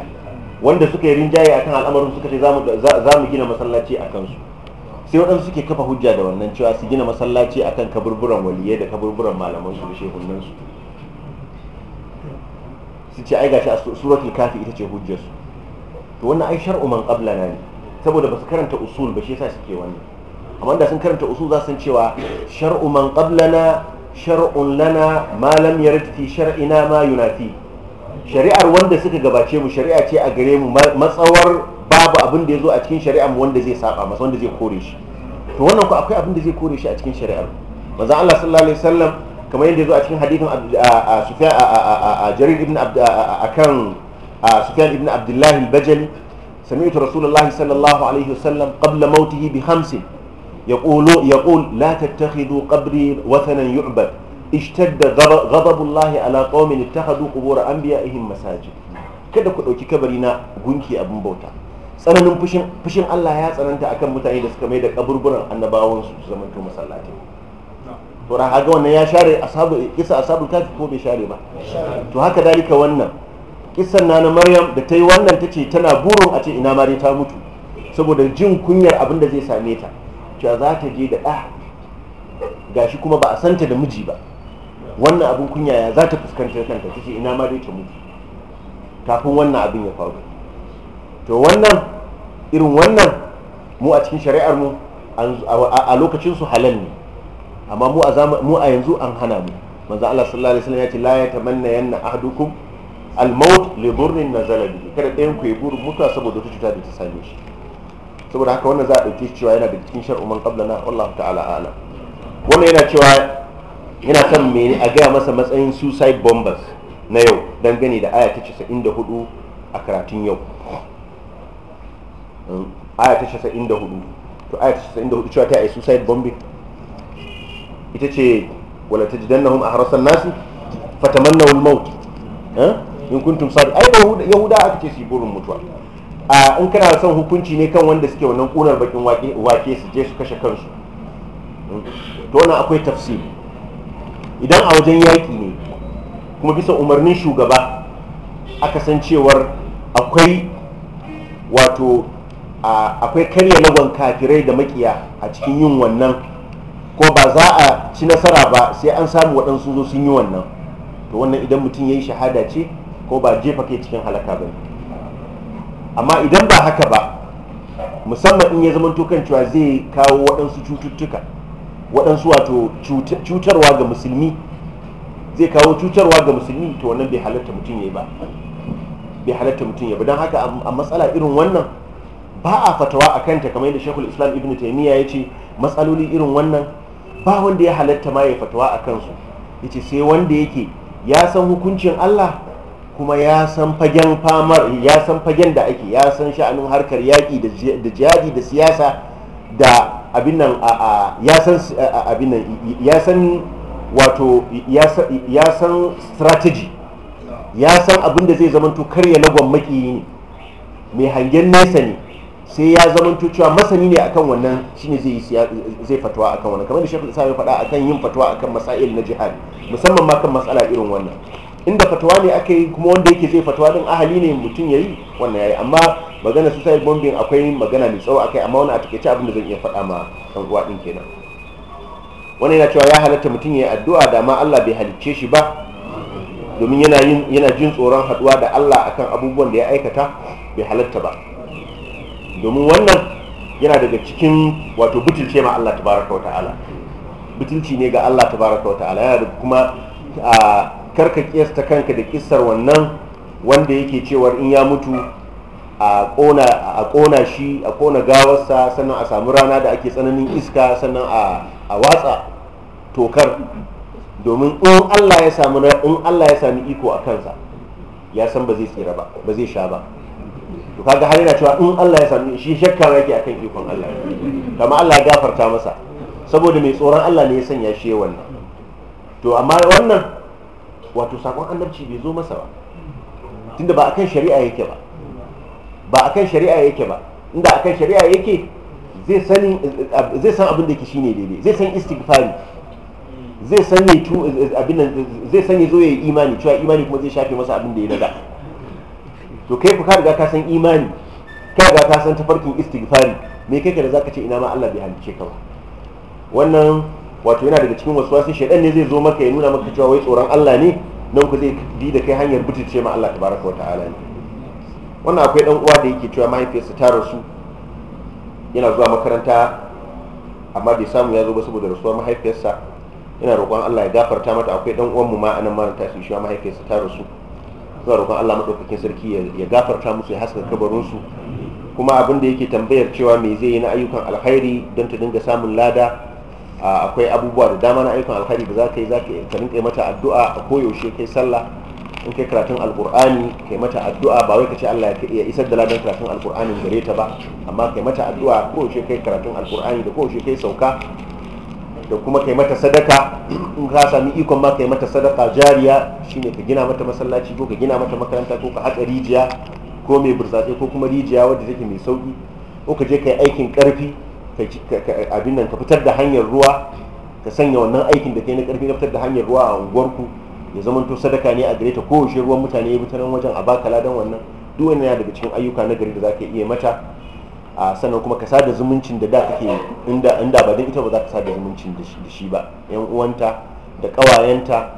wanda suka yi rinjaye akan al'amarin suka ce za mu gina masallaci a kansu sai waɗansu suke kafa hujja da wannan cewa su gina masallaci akan kaburburan waliye da kaburburan malaman su da shehunan su su ce ai gashi a suratul kafi ita ce hujjar su to wannan ai shar'u man qablana ne saboda ba su karanta usul ba shi yasa suke wannan amma da sun karanta usul za su san cewa shar'u man qablana shar'un lana ma lam yarid fi shar'ina ma yunafi shari'ar wanda suka gabace mu shari'a ce a gare mu matsawar babu abin da ya zo a cikin shari'ar mu wanda zai saba masa wanda zai kore shi to wannan ku akwai abin da zai kore shi a cikin shari'ar manzo Allah sallallahu alaihi wasallam kamar yadda ya zo a cikin hadithin a Sufyan a Jarir ibn akan a sufyan عبد abdullahi البجلي سمعت رسول الله صلى الله عليه وسلم قبل موته بخمس يقول يقول لا تتخذوا قبري وثنا يعبد اشتد غضب الله على kada ku ɗauki kabari na gunki abin bauta tsananin fushin Allah ya tsananta akan mutane da suka mai da kaburburan annabawan su zaman to masallati to ra haga wannan ya share asabu isa kafi ko bai share ba to haka dalika wannan kisan na maryam da ta yi wannan ta ce tana burin a ce ina ma dai ta mutu saboda jin kunyar abin da zai same ta cewa za ta je da ɗa gashi kuma ba a santa da miji ba wannan abin kunya ya za ta fuskanta kanta ta ce ina ma dai ta mutu kafin wannan abin ya faru to wannan irin wannan mu a cikin shari'ar mu a lokacin su halal ne amma mu a yanzu an hana mu manzo Allah sallallahu alaihi wasallam ya ce la tamanna yanna ahdukum almaut maut na dhurrin kada ɗayan ku ya buru mutuwa saboda wata cuta da ta same shi saboda haka wannan za a ɗauke cewa yana da cikin shar'u man na allah ta'ala ala wannan yana cewa yana son mene a gaya masa matsayin suicide bombers na yau dangane da aya ta 94 a karatun yau hmm, aya ta 94 to aya ta 94 cewa ta yi suicide bombing ita ce wala ta jidan a harasan nasi fatamanna wal maut hmm? in kuntum sadu ai ba yahuda aka ce su burin mutuwa a in kana son hukunci ne kan wanda suke wannan kunar bakin wake su je su kashe kansu to wannan akwai tafsiri idan a wajen yaƙi ne kuma bisa umarnin shugaba aka san cewar akwai wato akwai karya lagon kafirai da makiya a cikin yin wannan ko ba za a ci nasara ba sai an samu waɗansu zo sun yi wannan to wannan idan mutum ya yi shahada ce ko ba jefa kai cikin halaka ba amma idan ba haka ba musamman in ya zama kan cewa zai kawo waɗansu cututtuka waɗansu wato cutarwa ga musulmi zai kawo cutarwa ga musulmi to wannan bai halatta mutum ya yi ba bai halatta mutum ya ba don haka a matsala irin wannan ba a fatawa a kanta kamar yadda shekul islam ibn taimiyya ya ce matsaloli irin wannan ba wanda ya halatta ma ya fatawa a kansu ya ce sai wanda yake ya san hukuncin allah kuma ya san fagen famar ya san fagen da ake ya san sha'anin harkar yaƙi da jihadi da siyasa da abin nan ya san abin nan ya san wato ya san strategy ya san abin da zai zamanto karya na gwammaki ne mai hangen nesa ne sai ya zamanto cewa masani ne akan wannan shine zai zai fatuwa akan wannan kamar da shekul isa ya faɗa akan yin fatuwa akan masail na jihad musamman ma kan matsala irin wannan inda fatawa ne aka yi kuma wanda yake zai fatawa din ahali ne mutum ya yi wannan ya yi amma magana su sai bombin akwai magana mai tsawo akai amma wani a ci abin da zan iya faɗa ma ɗan uwa ɗin kenan wani yana cewa ya halatta mutum ya yi addu'a da ma Allah bai halicce shi ba domin yana yin yana jin tsoron haɗuwa da Allah akan abubuwan da ya aikata bai halatta ba domin wannan yana daga cikin wato butulce ma Allah tabaraka wa ta'ala butulci ne ga Allah tabaraka wa ta'ala yana da kuma a. Ah, karka kiyasta kanka da kissar wannan wanda yake cewar in ya mutu a kona shi a kona gawarsa sannan a samu rana da ake tsananin iska sannan a watsa tokar domin in allah ya samu in allah ya sami iko a kansa ya san ba zai tsira ba ba zai sha ba to kaga har yana cewa in allah ya sami shi shakka yake akan ikon allah kama allah ya gafarta masa saboda mai tsoron allah ne ya sanya shi wannan to amma wannan wato sakon annabci bai zo masa ba tunda ba akan shari'a yake ba ba akan shari'a yake ba inda akan shari'a yake zai sani zai san abin da yake shine daidai zai san istighfari zai san ne tu abin zai san ya zo ya yi imani cewa imani kuma zai shafe masa abin da ya daga to kai ka riga ka san imani ka riga ka san tafarkin istighfari me kake da zaka ce ina ma Allah bai halice ka ba wannan wato yana daga cikin wasu wasu shaidan ne zai zo maka ya nuna maka cewa wai tsoron Allah ne nan ku zai bi da kai hanyar ce ma Allah tabaraka wata'ala ne wannan akwai dan uwa da yake cewa mahaifiyarsa ta rasu yana zuwa makaranta amma bai samu ya zo ba saboda rasuwar mahaifiyarsa yana roƙon Allah ya gafarta mata akwai dan uwan mu ma anan ma ta su shiwa mahaifiyarsa ta rasu zuwa roƙon Allah madaukakin sarki ya gafarta musu ya haska kabarin su kuma abin da yake tambayar cewa me zai yi na ayyukan alkhairi don ta dinga samun lada akwai abubuwa da dama na ayyukan alkhairi da za ka yi za ka rinka mata addu'a a koyaushe kai sallah in kai karatun alkur'ani kai mata addu'a ba wai ka ce Allah ya isar da ladan karatun alkur'ani gare ta ba amma kai mata addu'a koyaushe kai karatun alkur'ani da koyaushe kai sauka da kuma kai mata sadaka in ka sami ikon ma kai mata sadaka jariya shine ka gina mata masallaci ko ka gina mata makaranta ko ka haƙa rijiya ko mai burzatse ko kuma rijiya wadda take mai sauki ko ka je ka yi aikin ƙarfi abin ka fitar da hanyar ruwa ka sanya wannan aikin da kai na karfi na fitar da hanyar ruwa a unguwarku ya zama to sadaka ne a gare ta kowace ruwan mutane ya fitar wajen a baka ladan wannan duk wani daga cikin ayyuka na gari da za ka iya mata a sannan kuma ka sada zumuncin da da kake inda inda ba dan ita ba za ka sada zumuncin da shi ba yan uwanta da kawayenta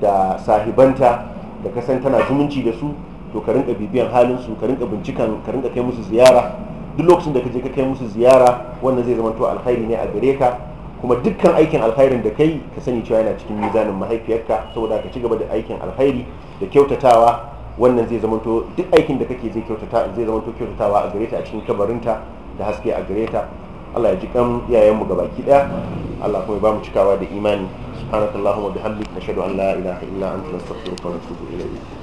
da sahibanta da kasan tana zumunci da su to ka rinka bibiyan halin su ka rinka bincikan ka rinka kai musu ziyara duk lokacin da ka je ka kai musu ziyara wannan zai zama to alkhairi ne a gare ka kuma dukkan aikin alkhairin da kai ka sani cewa yana cikin mizanin mahaifiyarka saboda ka ci gaba da aikin alkhairi da kyautatawa wannan zai zama to duk aikin da kake zai kyautata zai zama to kyautatawa a gare ta a cikin kabarinta da haske a gare ta Allah ya ji kan iyayenmu gabaki daya Allah kuma ya bamu cikawa da imani subhanakallahumma bihamdika ashhadu an la ilaha illa anta astaghfiruka wa atubu ilayk